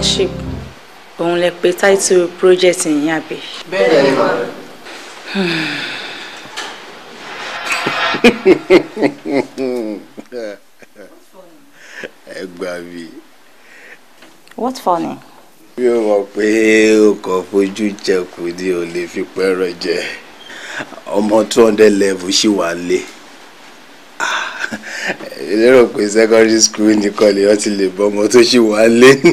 friendship òun lè pe title project yín àbí. bẹ́ẹ̀ ni mà. ẹ gbà mí. what for ni. bí o mọ̀ pé o kàn fojú jẹ̀kù ni o lè fi pẹ́rọ jẹ ọmọ two hundred level ṣì wà lé lérò pé secondary school nìkan lèyàn ti lè bọ ọmọ tó ṣì wà lé ní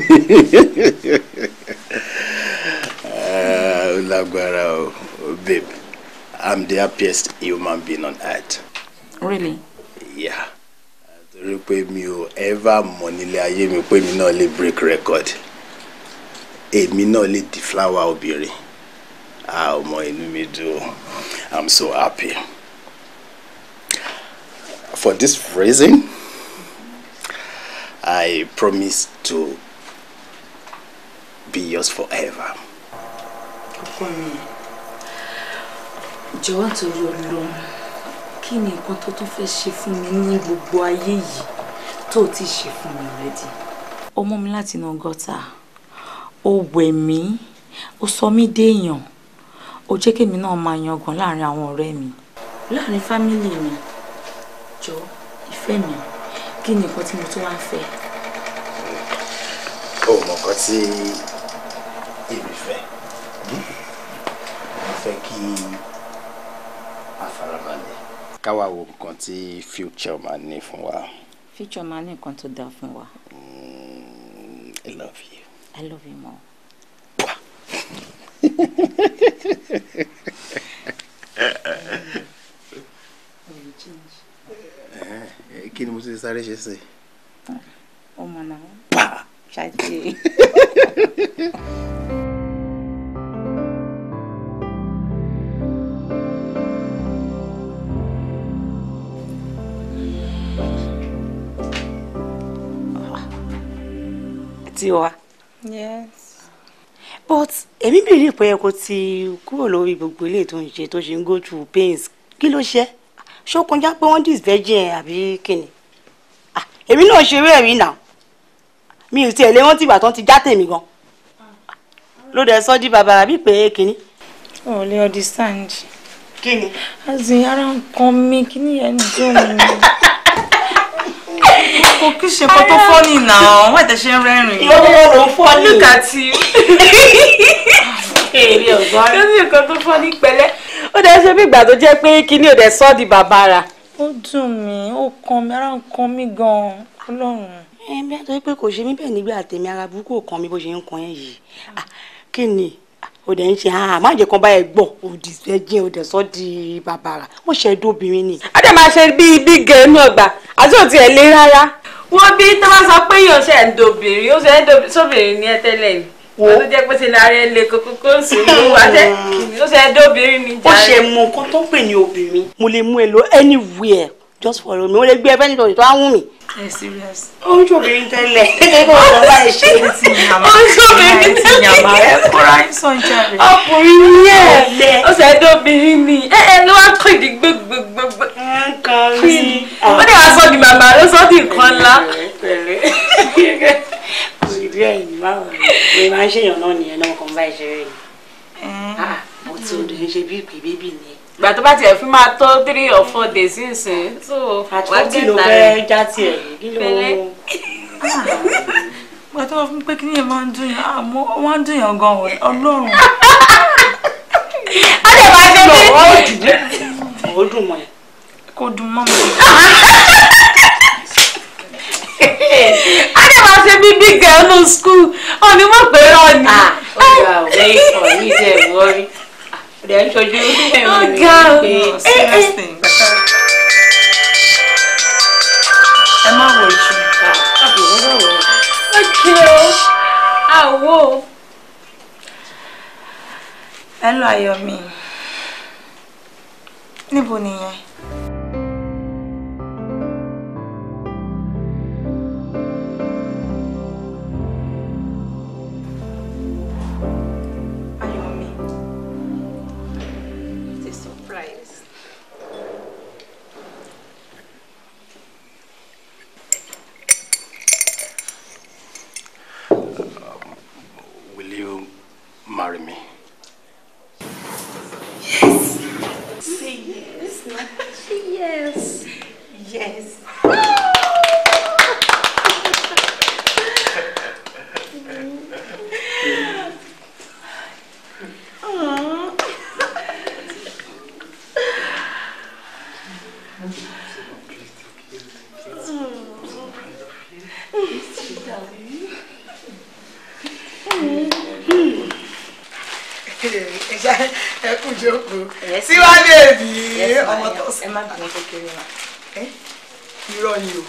ah, lágbára o babe i'm the happiest human being on earth. really. yeah torí pé mi ò ever mọ̀ nílé ayé mi pé mi náà lè break record èmi náà lè di flower obìnrin àwọn ah, inú mi dùn i'm so happy. For this reason, I promise to be yours forever. Ọkùnrin, jọ̀wọ́ torí Ọlọ́run, kí ni nǹkan tó tún fẹ́ ṣe fún mi ní gbogbo ayé O tó ti ṣe fún mi o Ó mú mi láti inú gọ́tà, ó wẹ̀ mí, ó sọ mí déèyàn, ó jẹ́ kémi mi. Láàrin fámílì mi jọ ìfẹ́ mi kí ni nǹkan tí mo tún wá ń fẹ́. o mọ nǹkan tí èmi fẹ́ mo fẹ́ kí a farabalẹ̀. ká wá wo nǹkan tí future máa ní fún wa. future máa ní nǹkan tó dáa fún wa. Mm, I love you. I love you more. Wow. kí ni mo ti sáré ṣe sí. ọmọ náà pa ṣáàtì. Tiwa. Yes. But èmi bìrì pé ẹ kò ti kúrò lórí gbogbo ilé tó ń ṣe tó ṣe ń go through pains kí ló ṣe? ṣó kọjá pé wọ́n disvirgin ẹ̀ àbí kíni ah, èmi náà ṣeré ẹ̀rí nà mi ò tiẹ̀ lé wọ́n tìgbà tán ti já tèmi gan ló dẹ̀ sọ́ di bàbá àbí pé kíni. o ò lè understand. kíni. azin ara nǹkan mi kíni yẹn ń dùn mí. kò kí ṣe kó tó fọ́ọ̀nì náà wọ́n ti ṣe ń rẹ́rìn-ín. ló lọ fọ́ọ̀nì. look at you. èrè ọ̀gbọ́n. kí ló ń ṣe kó tó fọ́ọ̀nì pẹ̀lẹ́ ó dẹ̀ ṣe bí ìgbà tó jẹ́ pé kíní ò dẹ̀ sọ́ di bàbá ra. ó dùn mí ó kan mi ara ń kan mí gan-an ọlọ́run. ẹ bí a sọ pé kò ṣe mí bẹ́ẹ̀ nígbà tèmi ara burúkú ò kan mi bó ṣe ń kan yẹn yìí kí ni ó dẹ̀ ń ṣe hàn má jẹ́ kan báyẹn gbọ́ òdì ẹ̀jẹ̀ ó dẹ̀ sọ́ di bàbá ra ó ṣe dóbìnrin ni. a dẹ̀ máa ṣe bíi bí gẹ̀ẹ́nù ọgbà àti òtí ẹ̀ lé rárá. wọ́n bí tó bá sọ pé yóò ṣe ń dobìnrin ó ṣe ń dobìnrin ní ẹ wo. ó jẹ́ pé ṣe lára ẹ lè kókó kó sùn ló wà tẹ́ ó ṣe ẹdọ́ obìnrin ni jàre. ó ṣe mọ nǹkan tó pè ní obìnrin mo lè mú ẹ lọ anywhere just follow me mo lè gbé ẹ fẹ́ni tó tó áhùn mi. ẹ serious. ó ń jòbìrín tẹ́lẹ̀ gẹ́gẹ́ bí wọ́n bá ẹ ó ń jòbìrín tẹ́lẹ̀ kóra ẹ sàn ọkùnrin ni ẹ ó ṣe ẹdọ́ obìnrin ni ẹ ẹ ló wá kọ́ ìdí gbogbogbò. nǹkan rí. ó dẹ̀ torí ẹ̀yìn báwo ni máa ń ṣèyàn náà nìyẹn náà kàn bá ìṣeré ni mm. ah, mo ti odò ń ṣe bí ìpè bébì ni. ìgbà tó bá tiẹ̀ fi máa tó three or four days nísìn so ah, wá gbé ìta rẹ̀ pẹ̀lẹ́. ìgbà tó wọ́n fún pé kí ni yẹn máa ń dùn yàn àmọ́ ah, wọ́n á dùn yàn gan-an ọlọ́run. a lè máa ṣe bí. ó dùn mọ́ ẹ. kò dùn ní big girl nù school ọ̀nì mọ̀ pé ọ̀nì. ọ̀gá Oh, ìfọ̀ yìí ṣe é wọ́rí rẹ̀ ń ṣojú ẹ̀wọ̀n Oh, girl. Oh, má wọ ìṣù àbí wọ́n wọ̀ wọ́n. ọjọ́ àwo. ẹ lọ ayọ̀ mi níbo nìyẹn. lẹ́yìn wa. ẹ irọ́ ni o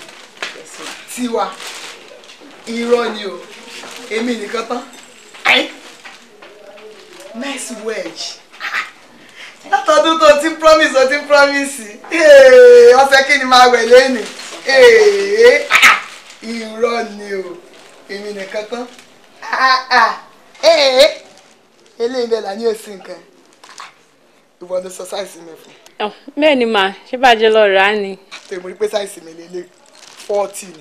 tiwa irọ́ ni o èmi nìkan tán nice wedge látọdún tó ti promise ó ti promise ọ̀sẹ̀ kí ni máa wẹ̀ lẹ́nu irọ́ ni o èmi nìkan tán eléyìí bẹ́ẹ̀ là ní òsì nǹkan ìwọ ni sọ sáìsì mi fún. Oh, bẹ́ẹ̀ ni mà ṣé bàjẹ́ lọ rà á ni. ṣé mo pé ṣáìsì mi lélẹ̀ fourteen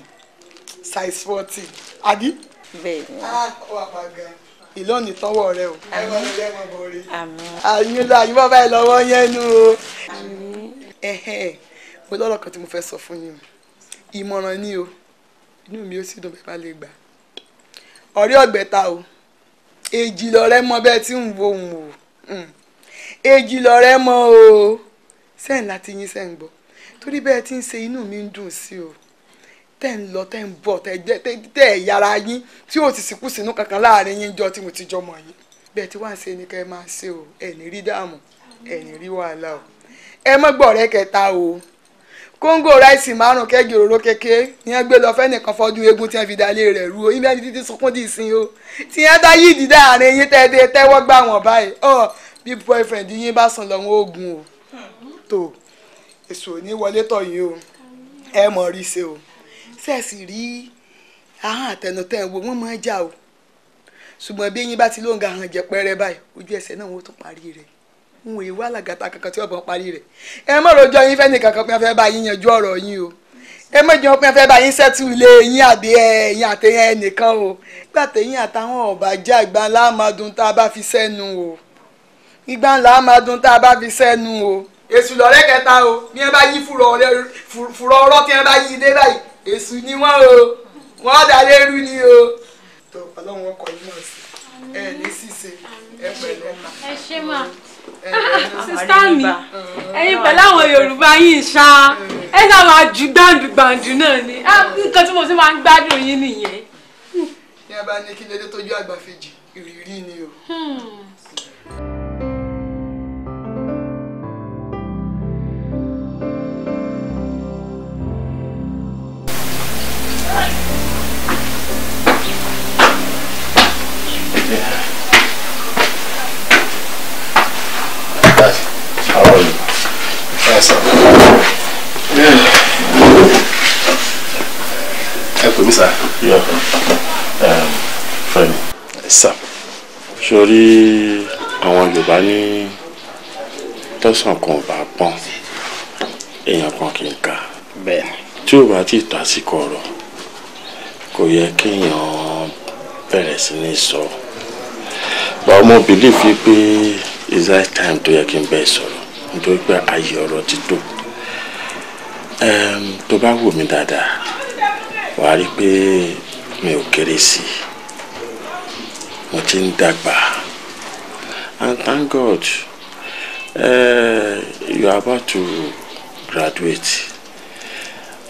size fourteen Adi. bẹ́ẹ̀ ni. Ah, a kó àpàgà ìlọ́ọ̀nì tọ́wọ́ rẹ o. àmín. àyìn lọ àyìn bàbá ẹ lọ́wọ́ yẹn nu o. àmín. mo lọ́rọ̀ kan tí mo fẹ́ sọ fún yín o ìmọ̀ràn ni o inú mi ò sì dùn bẹ́ẹ̀ bá lè gbà ọ̀rẹ́ ọ̀gbẹ́ta o èjì lọ̀rẹ́ mọ bẹ́ẹ̀ tí ń wo òun o hmm. èjì lọ̀rẹ́ mọ o sẹ́yìn láti yín sẹ́yìn gbọ́ torí bẹ́ẹ̀ ti ń ṣe inú mi ń dùn sí o tẹ́ ń lọ tẹ́ ń bọ̀ tẹ́ ẹ̀ yára yín tí ò sì síkú sínú kankan láàrin yín jọ tí mo ti jọmọ yín bẹ́ẹ̀ tí wàá ṣe ni kẹ́ ẹ máa ṣe o ẹ̀ ní rí dààmú ẹ̀ ní rí wàhálà o ẹ mọ́ gbọ̀rẹ́ kẹta o kóńgò ráìsì márùn kẹ́gì òróró kékeré ni wọ́n gbé lọ fẹ́nìkan fọ́dún eégún tí wọ́n fi dalé rẹ̀ rú o ibẹ̀ títí sunkún dì sí o tí wọ́n dá yìí dídá àárín yín tẹ́tẹ́ tẹ́wọ́ gbà wọ́n báyìí ọ bí boyfriend yín bá sùn lọ́wọ́ oògùn o tó èso ní wọlé tọ̀ yín o ẹ mọ̀ rí ṣe o sẹ́ẹ̀sì rí ahọ́n àtẹnutẹ́ wo wọ́n máa jà o ṣùgbọ́n bí eyín bá ti lóǹga hàn jẹ́ pẹ́rẹ́ báyìí ojú ẹsẹ̀ náà wọ́n tún parí rẹ̀ n ò wá kankan tí ọ̀bọ̀n parí rẹ̀ ẹ má rojọ́ yín fẹ́ni kankan pé a fẹ́ bá yín yanjú ọ̀rọ̀ yín o ẹ má jẹun pé a fẹ́ bá yín sẹ́tù ilé yín àbí ẹ̀yìn àtẹ̀yìn ẹnìkan o gbà tẹ̀yìn àtàwọn ọ̀bà jẹ́ àgbà ńlá máa dùn tá a bá fi sẹ́nu o ìgbà ńlá máa dùn tá a bá fi sẹ́nu o èṣù lọ́rẹ́ kẹta o ní ẹ bá yí fùrọ̀ ọ̀rọ̀ tí ẹ bá yí dé báyìí èṣù ni wọ́n o wọ́n dàdé rú ni o. tó ọlọ́run ọkọ yìí mọ̀ sí ẹ ní ṣíṣe ẹ pẹ̀lẹ́ ma. ẹ ṣe mà sista mi ẹ̀yin pẹ̀lú àwọn yorùbá yìí ṣá ẹ ṣáà máa ju gbàǹdùgbàǹdù náà ni nǹkan tí mo ti máa ń gbádùn yín nìyẹn. ní a bá ní kí lóde tójú àgbà fèjì ìrírí ni o. Hmm. torí um, àwọn yorùbá ní tẹ̀sán kan ò bá pọ́n èèyàn kan kì í ka tí ò bá ti tàsíkọ̀ ọ̀rọ̀ kò yẹ kéèyàn bẹ̀rẹ̀ sí ní sọ. So bàbá ọmọ believe fi pé is that time to yẹ kí n bẹ́ẹ̀ sọ̀rọ̀ nítorí pé ayé ọ̀rọ̀ ti tó tó bá wù mí dáadáa wàá rí pé mi ò kéré mo ti ń and thank God uh, you are about to graduate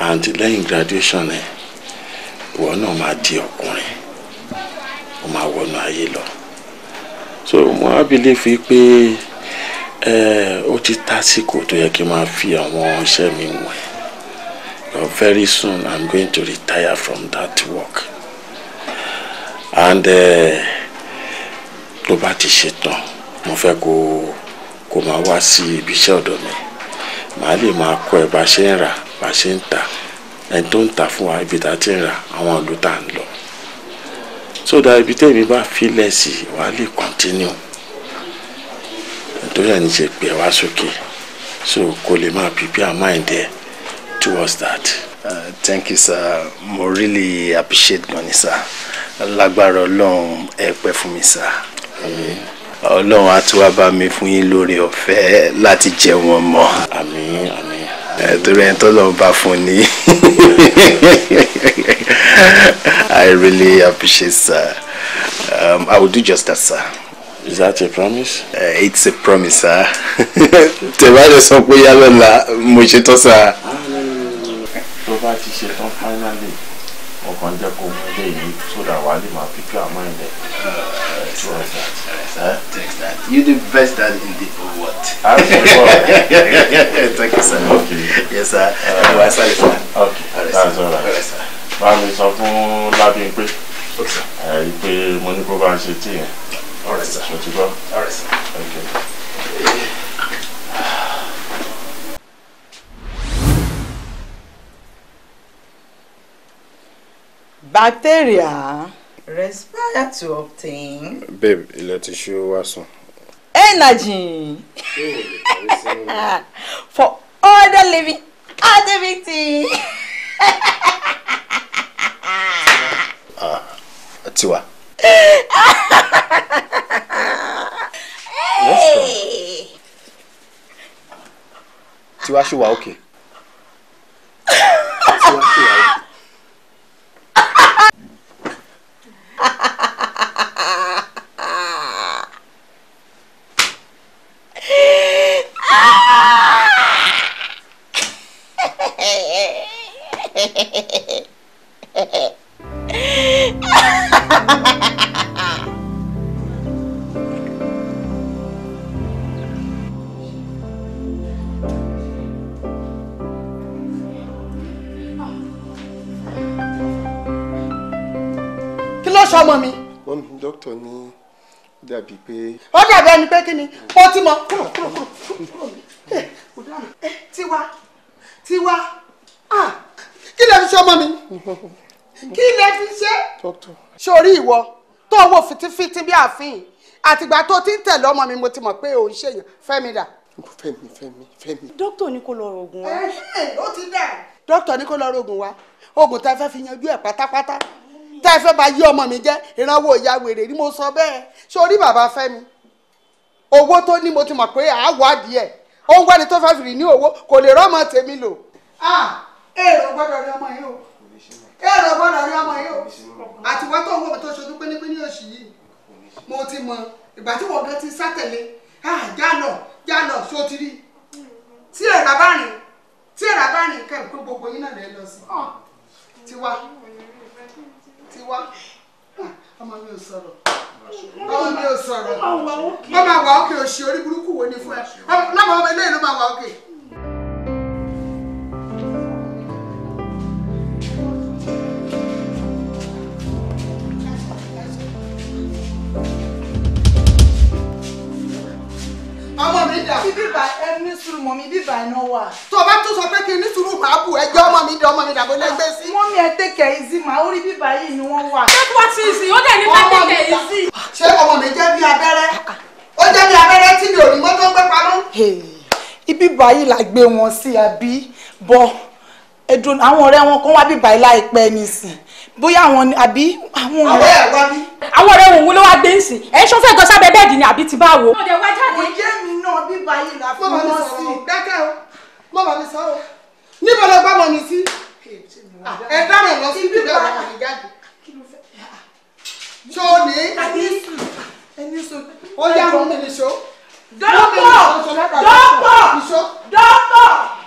and lẹ́yìn graduation ẹ̀ wọ́n náà máa di ọkùnrin ó máa wọnú ayé lọ so mo á believe pé eh, ó ti tásìkò tó yẹ kí n máa fi àwọn iṣẹ́ mi wẹ̀ but very soon i'm going to retire from that work and eh, tó bá ti ṣetán mo fẹ́ kó kó máa wá sí ibi iṣẹ́ ọ̀dọ̀ mi màá lè máa kọ́ ẹ bá ṣe ń rà bá ṣe ń tà ẹni tó ń tà fún wa ibi tá a ti ń rà àwọn ìlú ń lọ so that ibi tẹ́mi bá filẹ̀ sí wà á lè continue nítorí ẹni ṣe pè wá sókè so kò lè máa prepare mind ẹ towards that. Uh, thank you sir mo really appreciate gani sir lágbára ọlọ́run ẹ pẹ́ fún mi sir. Amen. ọlọ́run á tún wá bá mi fún yín lórí ọ̀fẹ́ láti jẹ wọn mọ́. àmín àmín. torí ẹni tó lọ́n bá fún ni I really appreciate, sir. Um, I will do just that, sir. Is that a promise? Uh, it's a promise, sir. Tẹ́ bá lè sọ pé yá lọ́la, mo ṣe tán, sir. To bá ti ṣe tán finally, ọkàn jẹ́ kó mú ilé yìí so that wàá lè máa pípé àmọ́ ilẹ̀. Take that. You the best dad in the whole world. Thank you, sir. Okay. Yes, sir. Uh, uh, okay. all right. All right, sir bá mi sọ fún lábín pé ẹ̀rí pé mo ní kó bá ń ṣe tí yẹn mo ti gbọ́. Bacteria respire to obtain. Babe, ilẹ̀ ti ṣú wá sùn. Energy for other living activity. tiwa. tiwa tiwa ṣe wà òkè. Hehehehe dàbí pé. ó dàbí ẹni pé kí ni mo ti mọ kúrò kúrò kúrò eh, eh, tiwa tiwa ah, kí lè fi ṣe ọmọ mi kí lè fi ṣe. sórí ìwọ tó owó fitifiti bí ààfin àtìgbà tó ti ń tẹ̀lé ọmọ mi mo ti mọ̀ pé òun ṣèyàn fẹ́mi dà. fẹ́mi fẹ́mi fẹ́mi. dókítà ní kó lọ rògùn wa. Eh, ó ti dà. dókítà ní kó lọ rògùn wa oògùn tá fẹ́ fi yanjú ẹ̀ pátápátá tẹ́ ẹ fẹ́ bá yí ọmọ mi jẹ́ ìrànwọ́ ìyá wèrè ni mo sọ bẹ́ẹ̀ ṣé orí bàbá Fẹ́mi owó tó ní mo ti mọ̀ pé àáwádìí ẹ̀ òun gbẹ́ni tó fẹ́ fìrì ní owó kò lè rọ́mọ tèmi lò. èrò gbọ́dọ̀ rí ọmọ yìí o èrò gbọ́dọ̀ rí ọmọ yìí o àtiwá tó ń wọ́pọ̀ tó ṣojú pínpín ní oṣù yìí mo ti mọ ìgbà tí wọ́n gan ti sátẹ̀lé jálọ̀ jálọ̀ sotiri tí èrà bá rìn tí èrà bá rìn kẹ́ ẹ̀ kó gbogbo yín náà lè lọ sí tiwa tiwa a ah, máa mi ò sọ̀rọ̀ ọmọ mi ò sọ̀rọ̀ ọmọ àwa òkè òṣì orí burúkú wo ni fún ẹ láwọn ọmọ ilé ìlú máa wà òkè. ọmọ mi dà. ibi bá ẹni sùúrù mọ mi ibi bá iná wà. tó o bá tún sọ pé kí n ní sùúrù máa bù ẹjọ́ ọmọ mi dà ọmọ mi dà bó lẹ́gbẹ́ sí. wọ́n mi ẹ tẹ̀kẹ̀ ìzí màá ó rí bíbá yìí ni wọ́n wà. ṣé wọ́n ti ìsìn ó dẹ̀ ní tẹ̀kẹ̀ ìzí. ṣé ọmọ mi jẹ́ bí abẹ́rẹ́ ó jẹ́ bí abẹ́rẹ́ tí mi ò ní mọ́tò gbé pamọ́. ibi báyìí la gbé wọn sí àbí bọ́ àwọn ọ̀rẹ́ wọn kan wá bíbá yìí láìpẹ́ nísìn bóyá àwọn àbí àwọn ọ̀rẹ́. àwọn ẹ̀rọ bí. àwọn ọ̀rẹ́ òun ló wá gbé ń sìn ẹ̀ ṣọ́fẹ́ gan sábẹ́ bẹ́ẹ̀dì ni àbí ti bá wo. mo jẹ́ mi náà bíbá yìí là fún mi sí i. dákẹ́ o mo bá mi sọ o níbo ló bá wọn ní sí. Ah, ẹ dáná lọ sí ibi bá wọn ṣó o ní. ẹni sùn ó yá mo mi nìṣó. dọ́pọ̀ dọ́pọ̀ dọ́pọ̀.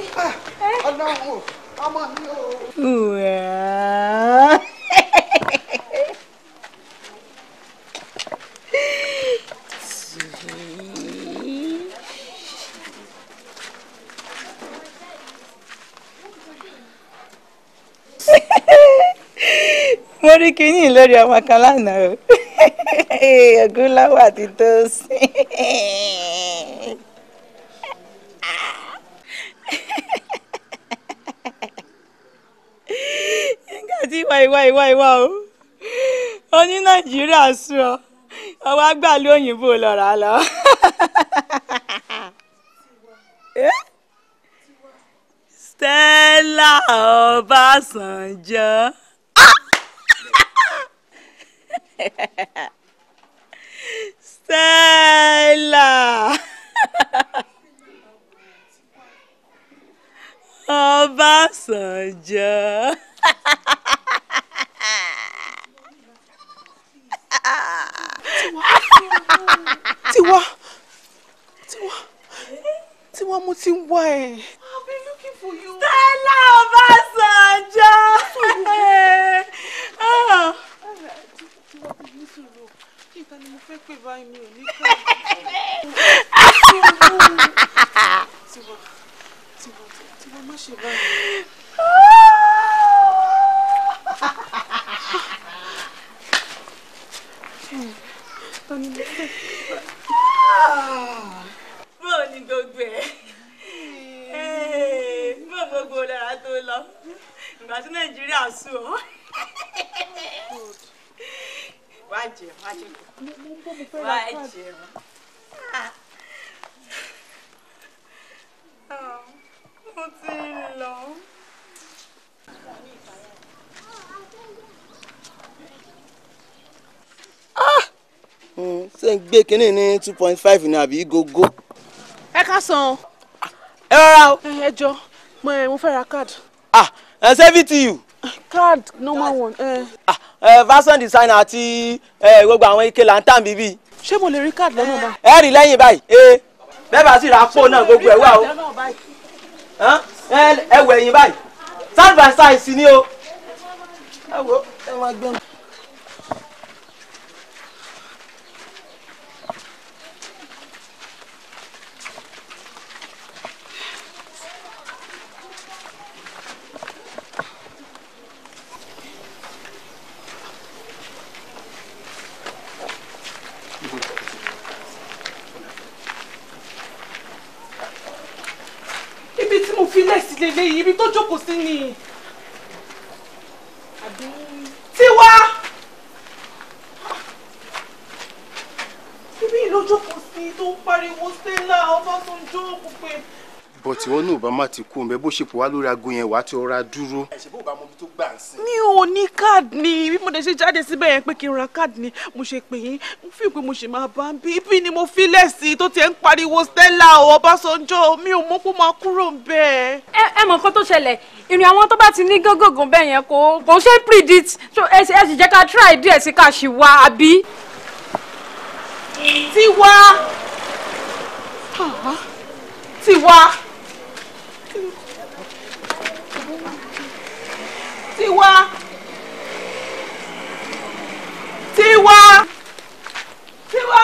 sí. ọlọ́run ọmọ mi ò. mo rí kinní lórí ọmọ kan lánàá o ọgúnláwà ti tó sí. ìwọ ìwọ ìwọ ìwọ o ó nàìjíríà sú ọ ọwọ́ àgbà lóyìnbó lọ́ra lọ. Eh? Stella Ọbásanjọ́ Stella Ọbásanjọ́. Tiwa Tiwa Tiwa mo ti ń wá ẹ. I've been looking for you. Stella Obasanjo. Kíkan ni mo fẹ́ pè báyìí mi ò ní ká. Tiwa Tiwa Tiwa má ṣe báyìí. bó gbogbo ẹ bó gbogbo lára tó lọ ìgbà tí nàìjíríà sù ọ wá jẹ wá jẹ wá jẹ mo ti lọ. Hmm. ṣé n gbé kínní ní two point five ní àbí gógó. ẹ ká san. ẹ rọra o. ẹ jọ mo fẹ́ ra card. ah ẹ sẹ́fì tí yù. card normal one. Eh. ah ẹ fashion designer àti gbogbo àwọn ike lantan bíbí. ṣé mo lè rí card lọ́nà báyìí. ẹ rí lẹ́yìn báyìí ee bẹ́ẹ̀ bá sì ra pò náà gbogbo ẹ̀ wá o ẹ wẹ̀yìn báyìí side by side sí ni o ẹ wo ẹ máa gbẹ́nu. tó jókòó sí ni. Tiwa. Ibi ìlójókòó sí tó ń pariwo Stella Ọbásanjọ́ kò pé but ìwọ náà bá má ti kú ọmọ bó ṣe pọ̀ wá lórí aago yẹn wàá ti ọ̀ra dúró. ẹ ṣe bó bá mo bí tó gbà ń sìn. mi ò ní káàdì ni bí mo dẹ̀ ṣe jáde síbẹ̀ yẹn pé kí n ra káàdì ni mo ṣe pè yín mo fi pé mo ṣe máa bá ń bí ibi ni mo fi lẹ́sì tó tiẹ̀ ń pariwo Stella o Ọbásanjọ́ mi ò mọ̀ pé máa kúrò ń bẹ̀. ẹ ẹ mọ̀ nǹkan tó ṣẹlẹ̀ ìrìn àwọn tó bá ti ní gógógùn bẹ́ẹ̀ yẹn kò kò ṣe predict ẹ sì jẹ́ ká try díẹ̀ sí ká ṣì wá àbí. tiwa ah, tiwa. Tiwa. Tiwa. Tiwa.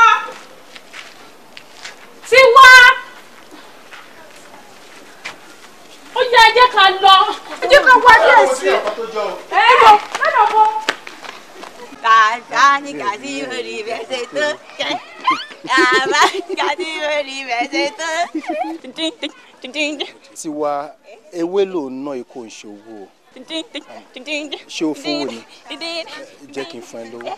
Tiwa. Ó yẹ ẹ jẹ́ ká lọ. Ẹ jẹ́ ká wá díẹ̀ sí. Ẹ lọ, ẹ lọ bọ́. Bàbá ní kàdí orí rẹ̀ ṣe tó. Bàbá ní kàdí orí rẹ̀ ṣe tó. Tiwa ewé ló ná ikú ìṣòwò ṣé o fowó ni jẹ́ kí n fún ẹ lówó. owó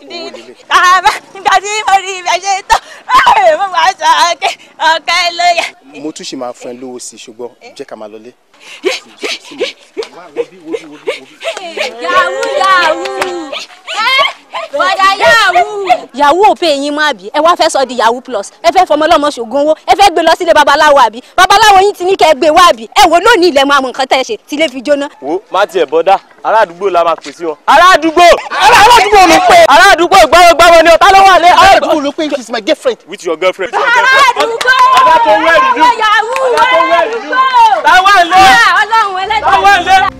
lélẹ̀. bàbá nígbà tí mo rí ibẹ̀ ṣe tán mo máa sọ ọ̀kẹ́ ọ̀kẹ́ lóye. mo tún ṣì máa fún ẹ lówó sí ṣùgbọ́n jẹ́ ká máa lọlé yahoo yahoo bọ̀dà yahoo. yahoo ò pé eyín mọ́ àbí ẹ wá fẹ́ sọ di yahoo plus ẹ fẹ́ fọmọ ọlọ́mọ ṣògùn owó ẹ fẹ́ gbé lọ sílé babaláwo àbí babaláwo yín ti ní kẹ́ ẹ gbé wá àbí ẹ wò lónìí ilẹ̀ mọ àwọn nǹkan tẹ̀ ṣe tilé fi jóná. wo má tiẹ̀ bọ́dà aládùúgbò la máa pè sí wọn. aládùúgbò aládùúgbò ló pè. aládùúgbò gbáwo gbáwo ni ọ̀tá ló wà lé. aládùúgbò ló pè she is my girlfriend. with your girlfriend. aládùúgbò aládùúgbò yahoo aládùúgbò táwọn ilé táwọn ilé.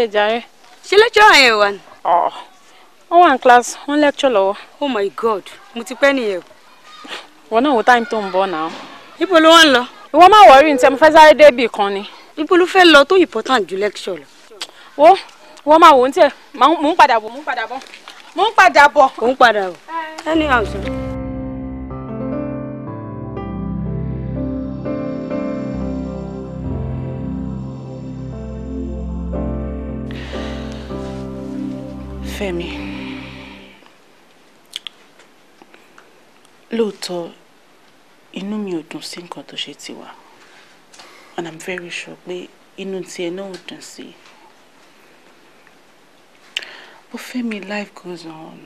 dákẹ́ jàre. ṣé lecturer yẹn wà ní. ọ̀ wọ́n wà ní class wọ́n lecture lọ́wọ́. oh my god mo ti pẹ́ nìyẹn o. wọn náà wo time to ń now. náà. ibo lo. wọ́n lọ. ìwọ máa wọrí ní tẹ mo fẹ́ sáré débi kan ni. ibo ló fẹ́ lọ tó important ju lecture lọ. wo wọ́n máa wò ó ń tẹ̀ mò ń padà bọ̀ padabo. ń padà bọ̀ mò ń padà bọ̀. mò olólùfẹ́ mi lóòótọ́ inú mi ò dùn sí nǹkan tó ṣe tiwa and i'm very sure pé inú tiẹ̀ náà ò dùn sí but Fẹ́mi life goes on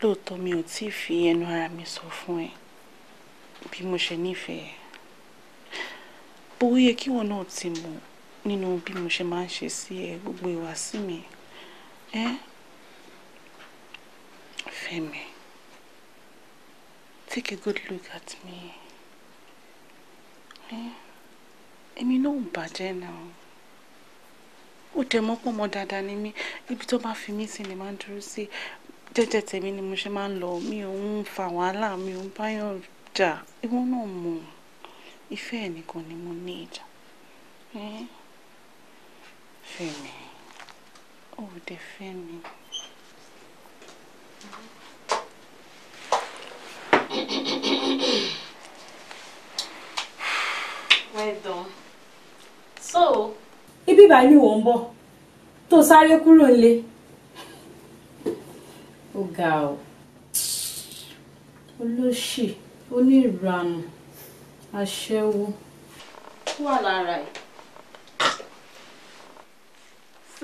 lóòótọ́ mi ò tí ì fi ẹnu ara mi sọ fún ẹ bí mo ṣe nífẹ̀ẹ́ bó yẹ kí wọn náà ti mọ̀ nínú bí mo ṣe máa ń ṣe sí ẹ gbogbo ìwàsí mi ẹ Fẹ́mi take a good look at me èmi náà ò bàjẹ́ náà ó dẹ̀ mọ́ pọ́n mọ́ dáadáa ni mí ibi tó bá fi mí sí ni máa ń dúró sí jẹ́jẹ́ tèmi ni mo ṣe máa ń lọ mi ò ń fa wàhálà mi ò ń báyọ̀ jà ìwọ náà mọ̀ ìfẹ́ ẹ̀ nìkan ni mo ní ìjà. Mm-hmm. Fẹ́mi, ó dé Fẹ́mi. Well done. So. Ibi báyìí ni wọ́n ń bọ̀ tó sáré o nílé. o ga ọ́. Olóṣì, onírànù, aṣẹ́wó. Wà lára ẹ̀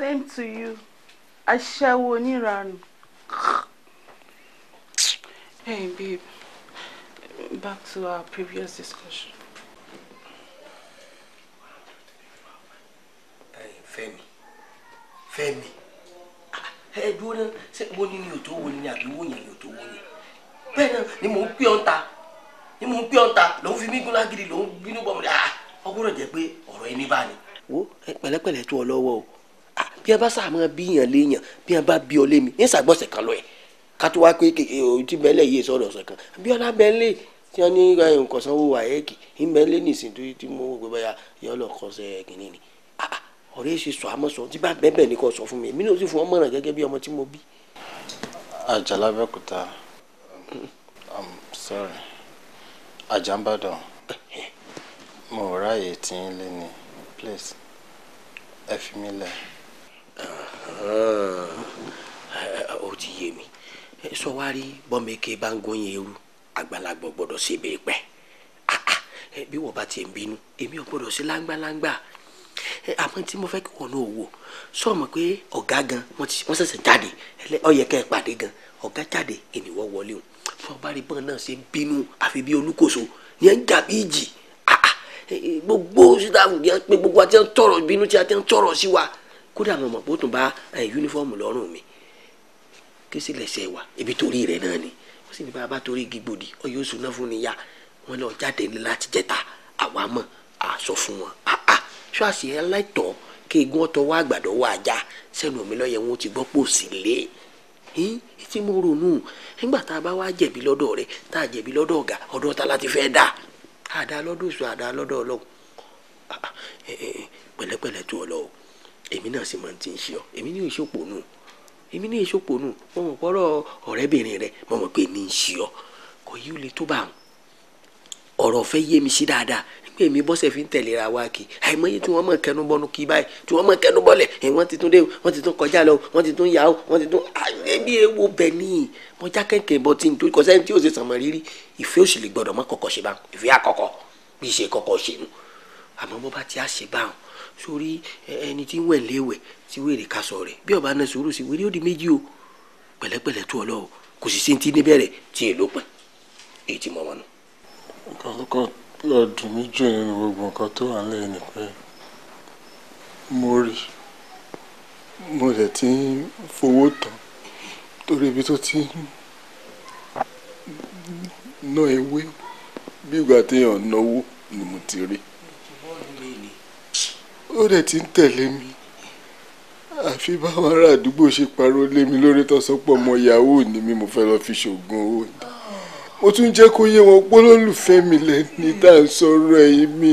same to you aṣẹ́wó oníranù. hey babe back to our previous discussion. Hey, Fẹ́mi ẹ dúró náà ṣé wo ni ni ò tó wo ni ni àbí wo yẹn ni ò tó wo yẹn bẹ́ẹ̀ náà ni mò ń pè ọ́ ta ni mò ń pè ọ́ ta lòun fi mí gún lágiri lòun bínú bọ̀ mọ́ ọgbọ́dọ̀ ah, jẹ́ pé ọ̀rọ̀ ẹni bá ni. wo pẹ̀lẹ́pẹ̀lẹ́ tó ọ lọ́wọ́ o bí a bá sàmọ́ bí yàn léèyàn bí a bá bí ọ lémi ní sàgbọ́sẹ̀ kan lọ ẹ̀ kátó wá pé ti bẹ́lẹ̀ yìí sọ̀rọ̀ ọ̀sẹ̀ kan Abíọ́lá bẹ́lẹ̀ tí wọ́n ní nǹkan sanwó wáyéèkì ní bẹ́lẹ̀ nìsín tó ti mú báyà yọ lọ kọ́ sẹ́ kínní ni ah, ah, ọ̀rẹ́ ṣe sọ àmọ́ sọ tí bá bẹ́ẹ̀ ní kò sọ fún mi èmi náà sì fún ọmọ náà gẹ́gẹ́ bí ọmọ tí mo bí. Àjàlá I'm sorry Àjàmbàdàn mo ráàyè tí please ẹ fi mí lẹ̀ ó ti yé mi sọ wá rí bọ́mẹ́kẹ́ bá ń gúnyìn eru àgbàlagbà gbọ́dọ̀ ṣe bẹ́ẹ̀ pẹ́ ah, ah, bí wọ́n bá tiẹ̀ ń bínú èmi ò gbọ́dọ̀ ṣe láńgbáláńgbá àmọ́ tí mo fẹ́ kí wọ́n náà wò sọ ma pé ọ̀gá gan wọ́n ṣẹ̀ṣẹ̀ jáde ó yẹ kẹ́ ẹ pàdé gan ọ̀gá jáde ènìwọ́ wọlé o fún ọba rí bọ́n náà ṣe ń bínú àfi bí olúkòso yẹn ń jà bí ìjì ah, gbogbo sítáàfù yẹn pé gbogbo àti ẹ̀ ń tọrọ bínú tí a ti ń tọrọ sí wa kódà mo mọ̀ pé ó tún bá yunifọ́ọ̀mù eh, lọ́rùn mi kí sì lẹ́sẹ̀ wà ibi torí rẹ̀ náà ni wọ́n sì ní bá a bá torí gígbòdì ọ yóò sùn náà fún ni yá wọn lọ jáde láti jẹta àwa mọ̀ àṣọ fún wọn àà ṣọ́ àṣì ẹlẹ́tọ̀ kí egun ọ̀tọ̀ wá àgbàdo wá ajá sẹ́nu mi lọ́yẹ̀ wọn ti gbọ́ pò sí lé tí mo ronú nígbà tá a bá wá jẹ̀bi lọ́dọ̀ rẹ̀ tá a jẹ̀bi lọ́dọ̀ ọ̀gá ọ̀dọ̀ ta láti fẹ́ dà àdá lọ́dọ̀ èso àdá lọ́dọ̀ ọlọ́run pẹ̀lẹ́pẹ̀lẹ́ tó ọlọ́run èmi náà sì máa ti ń ṣe ọ èmi ní ìṣòpò nù èmi ní ìṣòpò nù mo mọ̀ pọ́rọ̀ ọ̀rẹ́bìnrin rẹ mo mọ̀ pé ní í ṣe ọ kò yí ó le tó bá wọn ọ̀rọ̀ fẹ́ yé mi sí dáadáa pé èmi bọ́sẹ̀ fi ń tẹ̀léra wa kì àìmọye tí wọ́n mọ̀ kẹnu bọ́nu kì báyìí tí wọ́n mọ̀ kẹnu bọ́lẹ̀ wọ́n ti tún dé wọ́n ti tún kọjá lọ wọ́n ti tún yà ó wọ́n ti tún ẹbí ewo bẹ̀ níyì mo já kẹ̀kẹ́ bọ́ tí n tó kọsẹ́ tí o ṣe sànmọ́ rírí ìfẹ́ òṣèlú gbọ́dọ̀ mọ́ kọ̀kọ̀ ṣe báwọn ìfẹ́ àkọ́kọ́ bí ṣe kọ̀kọ́ ṣe nù àmọ́ bó bá ti á ṣe báwọn sórí ẹni tí ń wẹ̀ léwẹ̀ tí wèrè ká sọ rẹ̀ bí ọba náà sùúrù sí wèrè ó di méjì o pẹ̀lẹ́pẹ̀lẹ́ tó ọlọ́wọ́ kò sì sí ti níbẹ̀rẹ̀ tí èlò pẹ̀ èyí ti mọ wọn nù. nǹkan tó kàn lọ dùn mí jù nínú gbogbo nǹkan tó wà nílẹ̀ ni pé mo rí mo dẹ̀ ti ń fowó tán torí ibi tó ti ná ewé bí ìgbà téèyàn náwó ni mo ti rí ó dẹ̀ ti ń tẹ̀lé mi àfi báwọn ará àdúgbò ṣe parọ́ lé mi lórí tó sọ pé ọmọ yahoo ni mi mo fẹ́ lọ fi ṣoògùn owó ni mo tún jẹ́ kó yé wọn pé olólùfẹ́ mi lẹ́ni tá à ń sọ̀rọ̀ ẹ̀yìn mi.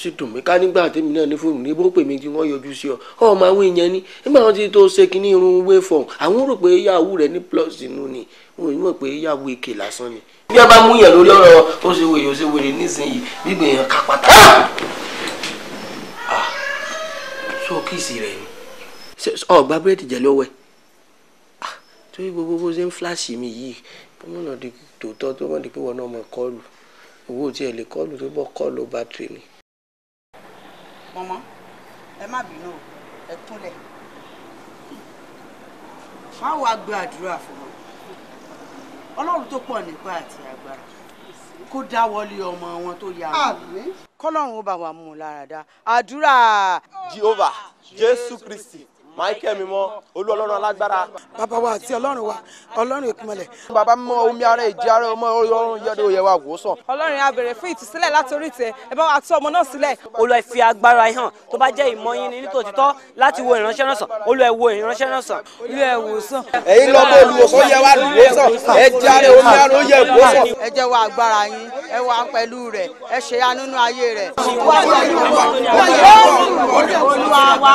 ti dùn mí ká nígbà tèmi náà ní fóònù ní bó pè mí tí wọ́n yọjú sí ọ ọmọ àwọn èèyàn ni nígbà wọn ti tó ṣe kínní irun wéfọ̀n àwọn rò pé yahoo rẹ ní plus inú ni wọn ò mọ̀ pé yahoo èké lásán ni. bí a bá mú yàn lórí ọ̀rọ̀ ó ṣe wèrè ó ṣe wèrè nísìnyí gbígbìyàn kápátá sọ kíìsì rẹ̀ ni. ọ̀gbá búrẹ́dì jẹ lọ́wọ́ ẹ̀ ah, torí gbogbo bó ṣe ń fíláṣì mi yìí bọ́mọ̀nà di tòótọ́ tó wọ́n di pé wọn náà mọ̀ kọ́ọ̀lù owó tí ẹ lè kọ́ọ̀lù tó bọ́ kọ́ọ̀lù bátìrì ni. mọ́mọ́ ẹ má bínú ẹ kúnlẹ̀ máa wá gba àdúrà fún wọn ọlọ́run tó pọ̀ nípa àti agbára kó dáwọ́lé ọmọ wọn tó yà wọ́n. kọ́lọ́run ó bá wa mú un lára àdúrà. jehovah jésù kristi máìkẹ́ mi mọ́ olú ọlọ́run alágbára. bàbá wa àti ọlọ́run wa ọlọ́run ìpínlẹ̀. bàbá mọ omi ara ìjẹ ara ọmọ ọrùn yọdẹ òye wa wò ó sàn. ọlọ́run á bèrè fún ìtúsílẹ̀ látòrí tẹ ẹ bá wa tú ọmọ náà sílẹ̀. olùwẹ̀ fi agbára hàn tó bá jẹ́ ìmọ̀ yín ni nítòtítọ́ láti wo ìránṣẹ́ náà sàn olùwẹ̀ wo ìránṣẹ́ náà sàn. olùwẹ̀ wò sàn. ẹ̀yin lọ bó olùwòsàn yẹ wa lùwòsàn ẹ jẹ́ ara omi ara ó yẹ ìwòsàn. ẹ jẹ́ wa agbára yín ẹ wà pẹ̀lú rẹ̀ ẹ ṣe anúnú ayé rẹ̀. wọ́n yẹ olúwa wa.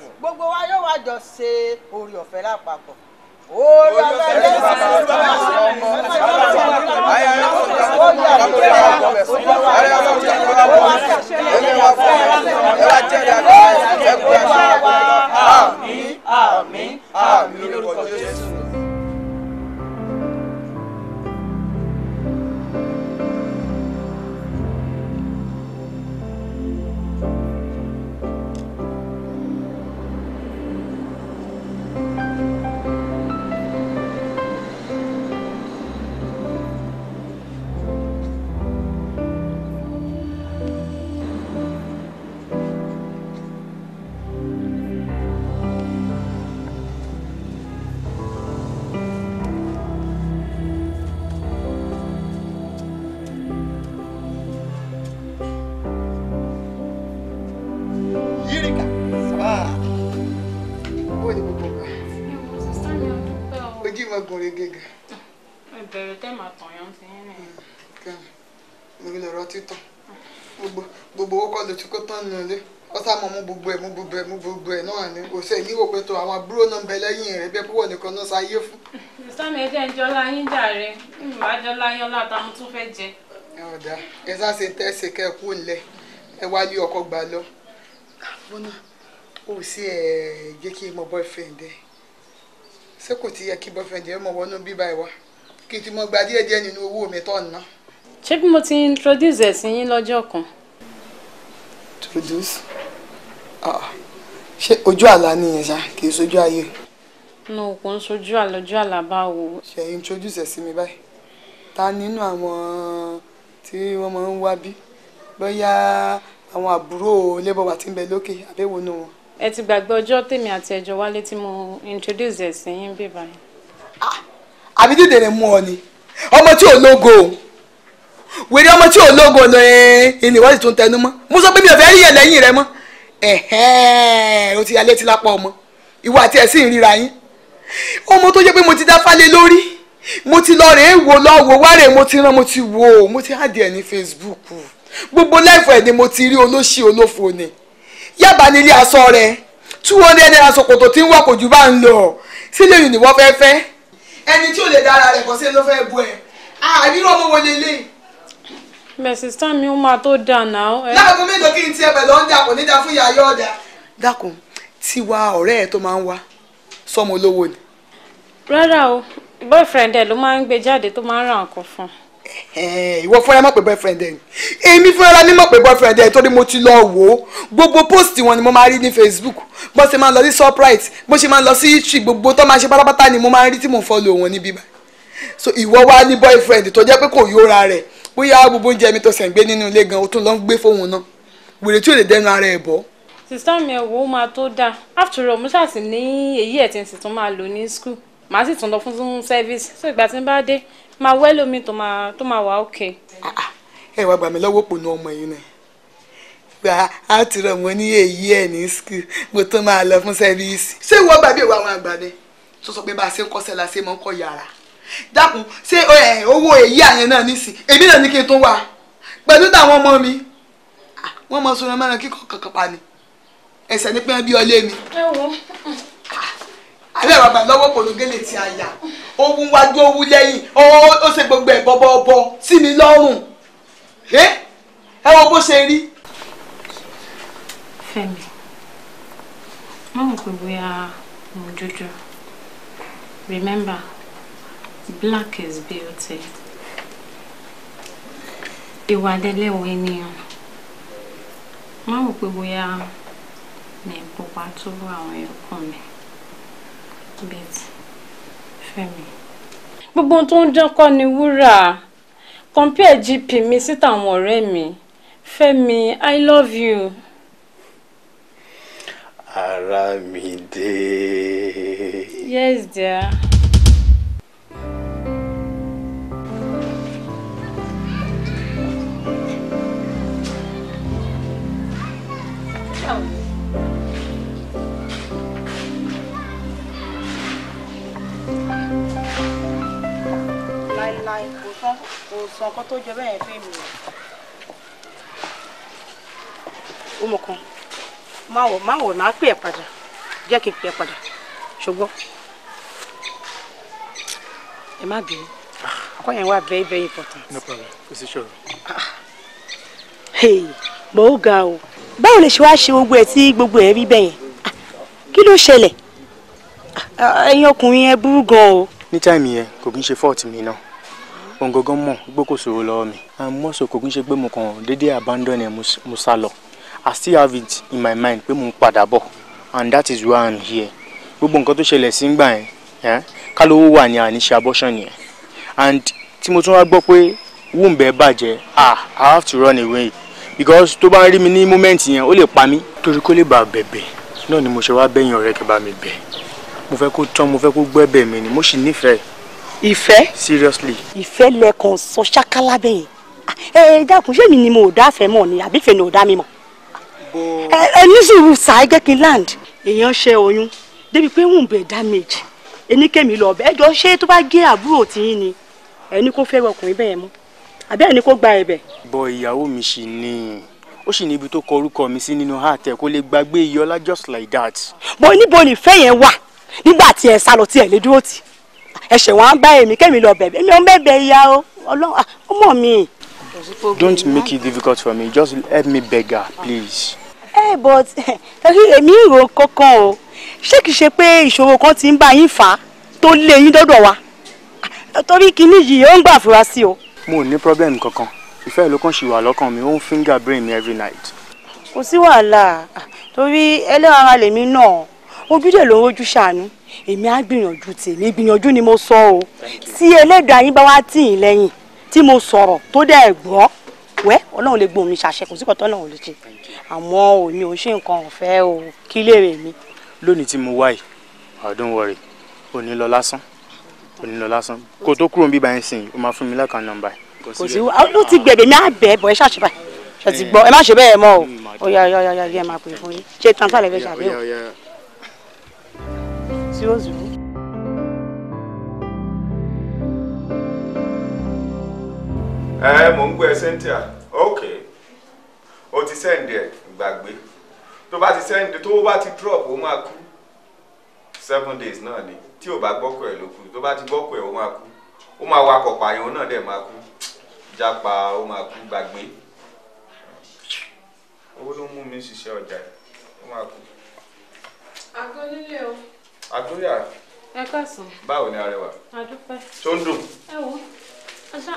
gbogbo wa yóò wá jọ ṣe orí ọ̀fẹ́ lápapọ̀. orí ọ̀fẹ́ lẹ́sìn ọ̀rọ̀ ọ̀fẹ́ àmín àmín àmín lórúkọ Jésù. bẹ̀rẹ̀ tẹ́ máa tàn yàn sí yín nìyẹn. lórí lọ́rọ̀ títàn gbogbo owó kọ́ ló ti kó tán nù lé wọ́n sá mọ̀ mú gbogbo ẹ̀ mú gbogbo ẹ̀ mú gbogbo ẹ̀ náà ni kò sẹ́ ní òpè tó àwọn àbúrò náà ń bẹ lẹ́yìn rẹ̀ bẹ́ẹ̀ púpọ̀ nìkan náà sáyé fún. sami ẹ jẹ́ ìjọlá yín jàre ìbájọ́lá yín ọlá ta mo tún fẹ́ jẹ. ẹ ọ̀dà ẹ sá ṣe tẹ́sí kẹ́ ẹ kú ńlẹ̀ ẹ wá lé ọkọ gbà lọ. káfọ́nà ó sì ẹ̀ jẹ́ kí n mọ boyfriend ẹ ṣé kò ti yẹ kí boyfriend ẹ mọ wọnú bíbá ẹ wá kí n ti mọ gba díẹ̀ díẹ̀ nínú owó mi tó ná. ṣé bí mo ti introduce ẹ̀ sí yín lọ́jọ́ kan. introduce ah, ṣé ojú àlá nìyẹn ṣá kì í sojú ayé. nù kò ń sojú àlọ́jú àlá bá wo. ṣe introduce ẹ̀ sí mi báyìí ta nínú àwọn tí wọ́n máa ń wá bí bóyá àwọn àbúrò labour wa ti ń bẹ lókè àbẹ̀wò nù wọn. ẹ ti gbàgbé ọjọ́ tèmi àti ẹ̀jọ̀ wálé tí mo introduce ẹ̀ sí yín bí báyìí. ah àbí dídè rẹ̀ mú ọ ni ọmọ tí ò lógo wèrè ọmọ tí ò lógo ni ìwọ́sì tó ń tẹnu mọ́ mo sọ pé mi ò fẹ́ rí ẹ̀ lẹ́yìn rẹ mọ́ o ti alẹ́ ti lápá ọmọ ìwọ àti ẹ̀ sì ń ríra yín ọmọ tó yẹ pé mo ti dá fálé lórí mo ti lọ rèé wò lọ wò wá rèé mo ti rán mo ti wò mo ti hàdí ẹ̀ ní Facebook gbogbo láìfọ̀ ẹ̀ ni mo ti rí olóṣì olófo ni yábà ní ilé aṣọ rẹ two hundred naira ṣòkòtò tí ń wà kò jù bá ń lọ sílẹ̀ yìí ni wọ́n fẹ́ fẹ́ ẹni tí ò lè dára rẹ̀ kọ́ sí ló fẹ́ bu ẹ̀ àbírú ọmọ wo lè lè. bẹ́ẹ̀ sísá mi ó máa tó dà náà. Eh. láàbù mélòó kí n tiẹ̀ pẹ̀lú ọ̀dà kò ní da fún yàyà ọ̀dà. dákun tiwa ọ̀rẹ́ ẹ̀ tó máa ń wá sọmọ olówó ni. rárá o boyfriend ẹ̀ ló máa ń gbé jáde tó máa ń ra nǹkan fún un. Eh, ìwọ fúnra mọ̀ pé boyfriend ẹ̀ èmi fúnra mi mọ̀ pé boyfriend ẹ̀ torí mo ti lọ wò ó gbogbo post wọn ni mo máa rí ní facebook bó ṣe máa ń lọ sí surprise bó ṣe máa ń lọ sí history gbogbo tó máa ṣe pátápátá ni mo máa ń rí tí mo follow wọn níbí bá so ìwọ wá ní boyfriend tó jẹ́ pé kò yóra rẹ̀ bóyá gbogbo oúnjẹ mi tó sẹ̀ ń gbé nínú ilé gan o tún lọ ń gbé fóun náà wèrè tí ò lè dẹnu ara ẹ̀ bọ́ sista mi ẹ wo máa tó dáa after all mo ṣáà sì ní èyí ẹ̀ tí n sì tún máa lò ní school màá sì tún lọ fún service so ìgbà tí n bá dé máa wẹ́ lómi tó máa tó máa wà ókè. Ah, ah. ẹ wá gbà mí lọ́wọ́ pò ní ọmọ yìí ni gba á ti rọ̀ mọ́ ní èyí ẹ̀ ní skul mo tó máa lọ fún sẹ́fíìsì. ṣé ìwọ gbàgbé ìwà àwọn àgbà ni tó sọ pé bá a ṣe ń kọ́sẹ́ la ṣe máa ń kọ́ yàrá dákun ṣé owó èyí àyẹn náà nísìn èmi náà ní kí n tó wà pẹ̀lú táwọn ọmọ mi ah, wọ́n mọ sọ̀rọ̀ mẹ́rin kíkọ́ kankan pa ni ẹ̀sẹ̀ ní pé wọ́n bí ọlé mi. ẹ wo alẹ́ bàbá lọ́wọ́ pòlógélé ti àyà ó wájú ó lẹ́yìn ó ṣe gbogbo ẹ̀ bọ́bọ́bọ́ sí mi lọ́rùn ẹ wo bó ṣe rí. Fẹ́mi má mọ̀ pé bóyá mo jójó remember black is beauty ìwà dẹ́lẹ́wọ̀ ènìyàn má mọ̀ pé bóyá ní pupa tó àwọn ẹ̀kọ́ mi bet Fẹ́mi gbogbo ohun tó ń dán kọ́ ni wúrà compare gp mi sí tàwọn ọ̀rẹ́ mi Fẹ́mi i love you. Àràmídé. yes dear. Oh. láéláé kò sàn kò sàn kan tó jọ bẹ́ẹ̀ fẹ́ mi. ó mọ̀ kan má wọ̀ má wọ̀ máa pè é padà jẹ́ kí n pè é e padà ṣùgbọ́n ẹ má bínú ọkọ yẹn wà very very important. no problem kò sí ṣòro. mọ̀ ó ga o báwo lè ṣe wá ṣe gbogbo ẹ̀ tí gbogbo ẹ̀ rí bẹ́yẹn kí ló ṣẹlẹ̀ ẹ̀yin ọkùnrin yẹn burú gan o. ní táìmì yẹn kò kí n ṣe fọ́ọ̀tì mi náà òun gangan mọ̀ gbé kò mi and mọ́sọ̀ kò kí n ṣe pé mo kàn dédé abandon ẹ̀ mo sá lọ I still have it in my mind pé mo ń padà bọ̀ and that is why I'm here gbogbo nǹkan tó ṣẹlẹ̀ sí ń gbà yẹn kálówó wà ní àníṣe abortion yẹn and tí mo tún wá gbọ́ pé wúǹbẹ̀ bàjẹ́ ah I have to run away because tó bá ń rí mi ní moment yẹn ó lè pa mí torí kó lè bá bẹ̀bẹ̀ náà ni mo ṣe wá bẹ̀yìn ọ̀rẹ́ kẹ́ bá mi bẹ̀ mo fẹ́ kó tán mo fẹ́ kó gbẹ́bẹ̀ mi ni mo sì nífẹ̀ẹ́ ìfẹ́. seriously. ìfẹ́ lẹ́ẹ̀kan sọ ṣákálá bẹ́ẹ̀ ah, ẹ ẹ dákun ṣé mi ni mo dá fẹ́ mọ̀ ni àbí fẹ́ ni ò dá mi mọ̀. bó ẹ ní sùúrù jẹ́ kí n land. èèyàn ṣe oyún débi pé ń bẹ̀ damage eníkẹ́mi lọ ọbẹ̀ ẹjọ́ ṣé tó bá gé àbúrò tìyín ni ẹni kó fẹ́ ọkùnrin bẹ́ẹ̀ mú àbí ẹni kó gba ẹ̀bẹ̀. bọ ìyàwó mi sì ni ó sì ní ibi tó kọ orúkọ mi sí nínú àtẹ kó lè gbàgbé iyọlá just like that. bọ níbo nìfẹ́ yẹn wà nígbà tí ẹ sá lọ tí ẹ lè dúró tì í ẹ̀ṣẹ̀ wọn bá èmi kémi lọ bẹ̀bẹ̀ èmi ò ń bẹ̀bẹ̀ ìyá o ọlọ́run ọmọ ah, mi. don't make it difficult for me just help me beg her please. ẹ eh, but èmi ń ro kankan o ṣé kìí ṣe pé ìṣòro kan ti ń bá yín fà á tó lé yín dọ́dọ̀ wa torí kinní yìí ó ń gbà fura sí o. mo ò ní problem kankan ìfẹ́ ló kàn ṣì wà lọ́kàn mi ó ń finger brain mi every night. kò sí wàhálà torí ẹlẹ́ran ara lèmi náà ojú dè ló ń rojú ṣàánú èmi á gbìyànjú tèmi gbìyànjú ni mo sọ o tí Ẹlẹ́dàá yín bá wá tì í lẹ́yìn tí mo sọ̀rọ̀ tó dẹ̀ gbọ́ wẹ́ ọlọ́run lè gbóhùn mi ṣàṣẹ kò sí kọ́tọ́ náà ò lè ṣe àmọ́ òní ò ṣe nǹkan ọ̀fẹ́ o kí léèrè mi. lónìí tí mo wá yìí ah, don't worry òní lọ lásán òní lọ lásán kó tó kúrò ń bíbá yẹn sìn ó máa fún mi lẹ́kàn nọ́mbà ẹ̀. kò sí ló ti gbẹ̀dẹ̀ mi á bẹ̀ ẹ̀ bọ̀ ẹ ṣàṣẹ báyìí ṣe ti gbọ́ ẹ má ṣe bẹ́ẹ̀ mọ́ o mm, ó yá yá yá yá ẹ máa pè fún yín ṣé tanfàlẹ́ fẹ́ ṣàbẹ̀wò ambizioso. ẹ mò ń gbọ́ ẹ Cynthia ok o ti sẹ́ǹdì ẹ̀ gbàgbé tó bá ti sẹ́ǹdì tó bá ti drop ó máa kú seven days náà ni tí ò bá gbọ́kọ̀ ẹ̀ ló kú tó bá ti gbọ́kọ̀ ẹ̀ ó máa kú ó máa wakọ̀ pààyàn òun náà dẹ̀ máa kú jápa ó máa kú gbàgbé owó ló mú mi ṣiṣẹ́ ọjà ó máa kú. àgọ́ nílé o àtúnyà. ẹ káàsán. báwo ni arẹwà. àdúpẹ́. tó ń dùn. ẹ wo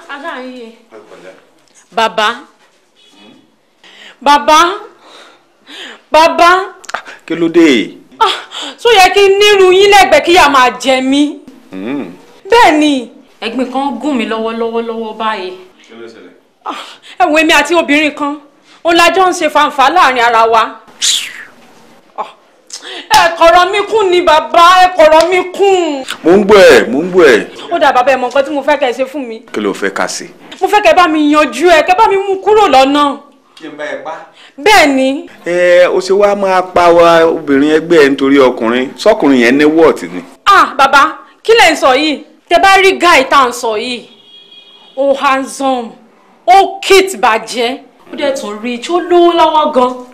ajá ń yẹ. bàbá hmm? bàbá bàbá. kí ló dé. tó ah, yẹ kí nírú yín lẹ́gbẹ̀ẹ́ kíyà máa jẹ mí. Hmm. bẹ́ẹ̀ ni ẹ̀gbin kan gùn mí lọ́wọ́lọ́wọ́ báyìí. kí ló ṣẹlẹ̀. Ah, ẹ̀wọ̀n èmi àti obìnrin kan òun la jọ ń ṣe fàǹfà láàrin ara wa ẹ kọ̀rọ̀ mi kún ni bàbá ẹ kọ̀rọ̀ mi kún. mo ń gbọ́ ẹ mo ń gbọ́ ẹ. ó dà bàbá ẹ mọ nǹkan tí mo fẹ́ kẹ́ ẹ ṣe fún mi. kí ló fẹ́ ká ṣe. mo fẹ́ kẹ́ ẹ bá mi yanjú ẹ kẹ́ ẹ bá mi mú kúrò lọ́nà. kí n bá ẹ pa. bẹ́ẹ̀ ni. ẹ o ṣe wá máa pa wa obìnrin ẹgbẹ́ ẹ nítorí ọkùnrin sọkùnrin yẹn ní wọ́ọ̀tì ni. ah bàbá kí lẹ̀ ń sọ yìí tẹ bá rí guy tá à ń sọ yìí o handsome ó kìtì bàjẹ́ ó dẹ̀ tún rí i tí ó lówó lọ́wọ́ gan-an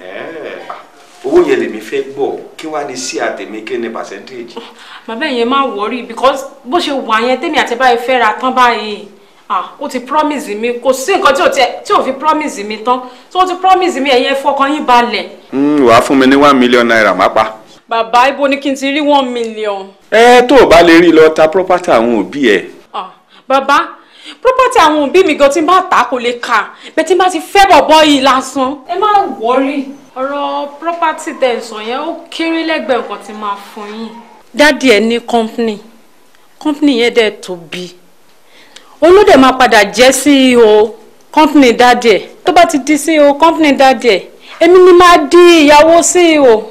owó yẹn lèmi fẹ́ gbọ́ kí wàá ní sí àtẹ̀mí kí ni percentage. Ah, bàbá yẹn máa wọrí because bó ṣe wà yẹn tèmi àti báyìí fẹ́ ra tán báyìí ah, ó ti promise mi kò sí nǹkan tí ò fi promise mi tán tí ó ti promise mi ẹ̀yẹn fọkàn yín balẹ̀. Hmm, wàá fún mi ní one million naira má pa. bàbá ibo ni kí n ti rí one million. ẹ tó o bá lè rí lọ ta property àwọn òbí ẹ. Ah, bàbá property àwọn òbí mi gan tí n bá ta kò lè kà bẹ́ẹ̀ tí n bá ti fẹ́ bọ̀bọ̀ yìí lásán. ẹ má wọrí ọ̀rọ̀ property tẹ̀ ń sọ yẹn ó kéré lẹ́gbẹ̀ẹ́ nǹkan tí máa fún yín. dádì ẹ ní company company yẹn dẹ̀ tóbi olóde máa padà jẹ́ CEO company dádì ẹ tó bá ti di CEO company dádì ẹ èmi ni máa di ìyàwó CEO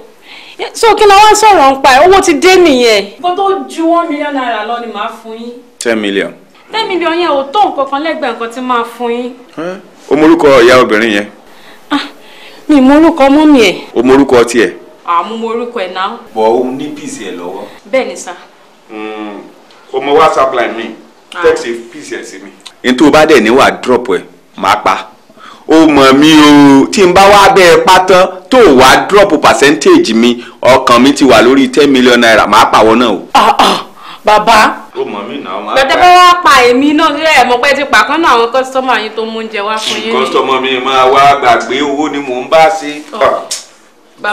so kí ni wọ́n sọ̀rọ̀ ń pa ẹ̀ owó ti dé nìyẹn. nǹkan tó ju one million naira lọ ni màá fún yín. ten million. ten million yẹn ò tó nǹkan kan lẹ́gbẹ̀ẹ́ nǹkan tí máa fún yín. o mọ ìyá obìnrin yẹn. ah mi mọ orúkọ mọ́mì ẹ̀. o mọ orúkọ tiẹ̀. àmú mọ orúkọ ẹ̀ náà. bọ̀ o ní píìsì ẹ̀ lọ́wọ́. bẹ́ẹ̀ ni sá. Hmm, o mọ whatsapp line mi text píìsì ẹ̀ sí mi. n tó bá dẹ̀ ní wà drop ẹ̀ máa pa o mọ̀ mi o tí n bá wá bẹ́ ẹ pátán tó wá drop percentage mi ọkàn mi ti wà lórí ten million naira máa pàwọ́ náà o. bàbá ó mọ̀ mí náà máa pẹ́. gbẹdẹ́gbẹ́ wá pa èmi náà ṣé ẹ̀ mọ̀ ti pa náà àwọn kọ́sítọ́mà yín tó mú oúnjẹ wá fún yín. kọ́sítọ́mà mi máa wá gbàgbé owó ni mò ń bá ṣe. Oh.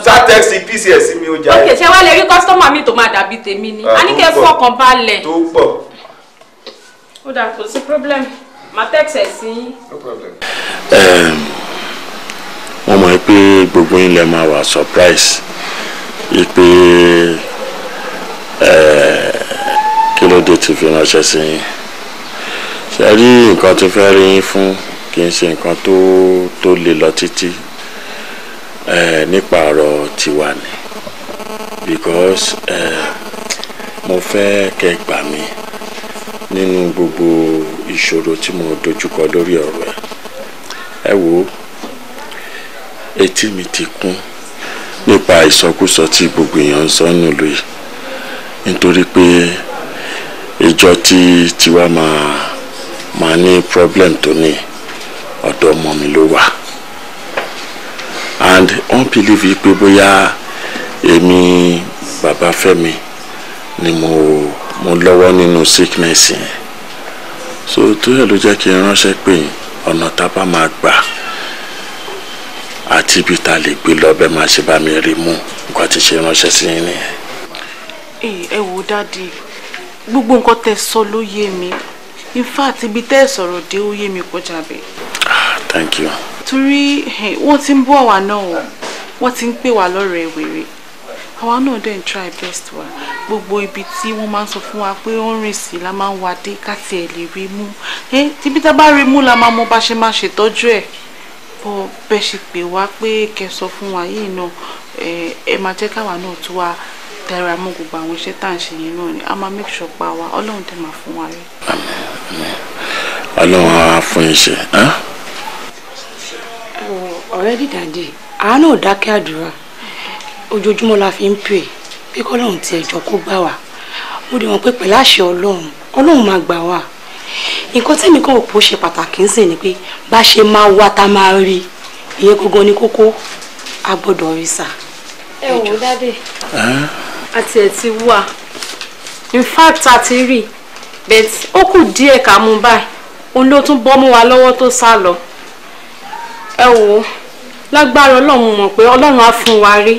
sátẹ́sì pcs mi ò jáde. òkè ṣé wàá lè rí kọ́sítọ́mà mi tó máa dàbí tèmi ni ah, a ní kẹ́ fọkàn balẹ̀. tó pọ̀. ó dà kò sí problem máa tẹ̀sẹ̀ sí yín. wọ́n mọ̀ pé gbogbo yín lè máa wà surprise ipe. Uh, Sunday ti fi ránṣẹ́ sí yín ṣe rí nǹkan tó fẹ́ rí yín fún kì í ṣe nǹkan tó tó le lọ títí nípa ọ̀rọ̀ tiwa ni because mo fẹ́ kẹ́ gbà mí nínú gbogbo ìṣòro tí mo dojúkọ lórí ọ̀rọ̀ ẹ ẹ wo etí mi ti kún nípa ìsọkúsọ tí gbogbo èèyàn ń sọ nílùú yìí nítorí pé ìjọ tí tiwa máa máa ní problem tó ní ọ̀dọ̀ ọmọ mi ló wà and wọ́n believe pé bóyá èmi bàbá Fẹ́mi ni mo mo lọ́wọ́ nínú sickness yẹn so tó yẹ ló jẹ́ kí n ránṣẹ́ pé ọ̀nà tá a bá máa gbà àti ibi tá a lè gbé lọ bẹ́ẹ̀ máa ṣe bá mi rí mú nǹkan ti ṣe ránṣẹ́ sí yín nìyẹn. ẹ wo dáàdi gbogbo nǹkan tẹ sọ ló yé mi in fact ibi tẹ́ ẹ̀ sọ̀rọ̀ dé ó yé mi kọjá bẹ́ẹ̀. Ah, thank you. torí eh, wọ́n ti ń bú àwa náà o wọ́n ti ń pè wá lọ́rẹ̀ẹ́ wèrè àwa náà dẹ̀ ń try best wa gbogbo ibi tí wọ́n máa ń sọ fún wa pé ó ń rìn sí la máa ń wá dé káti ẹ̀ lè rí mú ẹ eh, tíbi tá a bá rí mú la máa mọ bá ṣe máa ṣètọ́jú ẹ̀ bọ́ bẹ́ẹ̀ ṣe pè wá pé kẹ́ sọ fún wa yìí náà eh, ẹ máa jẹ́ káwa náà tó wa tẹ́ra mú gbogbo àwọn iṣẹ́ tá à ń ṣe yẹn náà ni a máa make sure pa wa ọlọ́run tẹ̀ máa fún wa rí. àmín àmín ọlọ́run á fún yín ṣe. ọ̀rẹ́ dídàdì àánú ò dákẹ́ àdúrà ojoojúmọ́ la fi ń pè pé kọ́lọ́run ti ẹ̀jọ́ kó gbà wá mo dẹ̀ mọ̀ pé pẹ̀lú àṣẹ ọlọ́run ọlọ́run máa gbà wá nǹkan tẹ́mi kò pò ṣe pàtàkì ń sìn ni pé bá ṣe máa wá tá a máa rí ìyẹn gangan ní kókó a rí sà. ẹ wò ó dábẹ́ àti ẹ̀ ti wà in fact a ti rí but ó kù díẹ̀ ká mú báyìí òun ló tún bọ́ mú wa lọ́wọ́ tó sá lọ ẹ wò ó lágbára ọlọ́run mọ̀ pé ọlọ́run á fún wa rí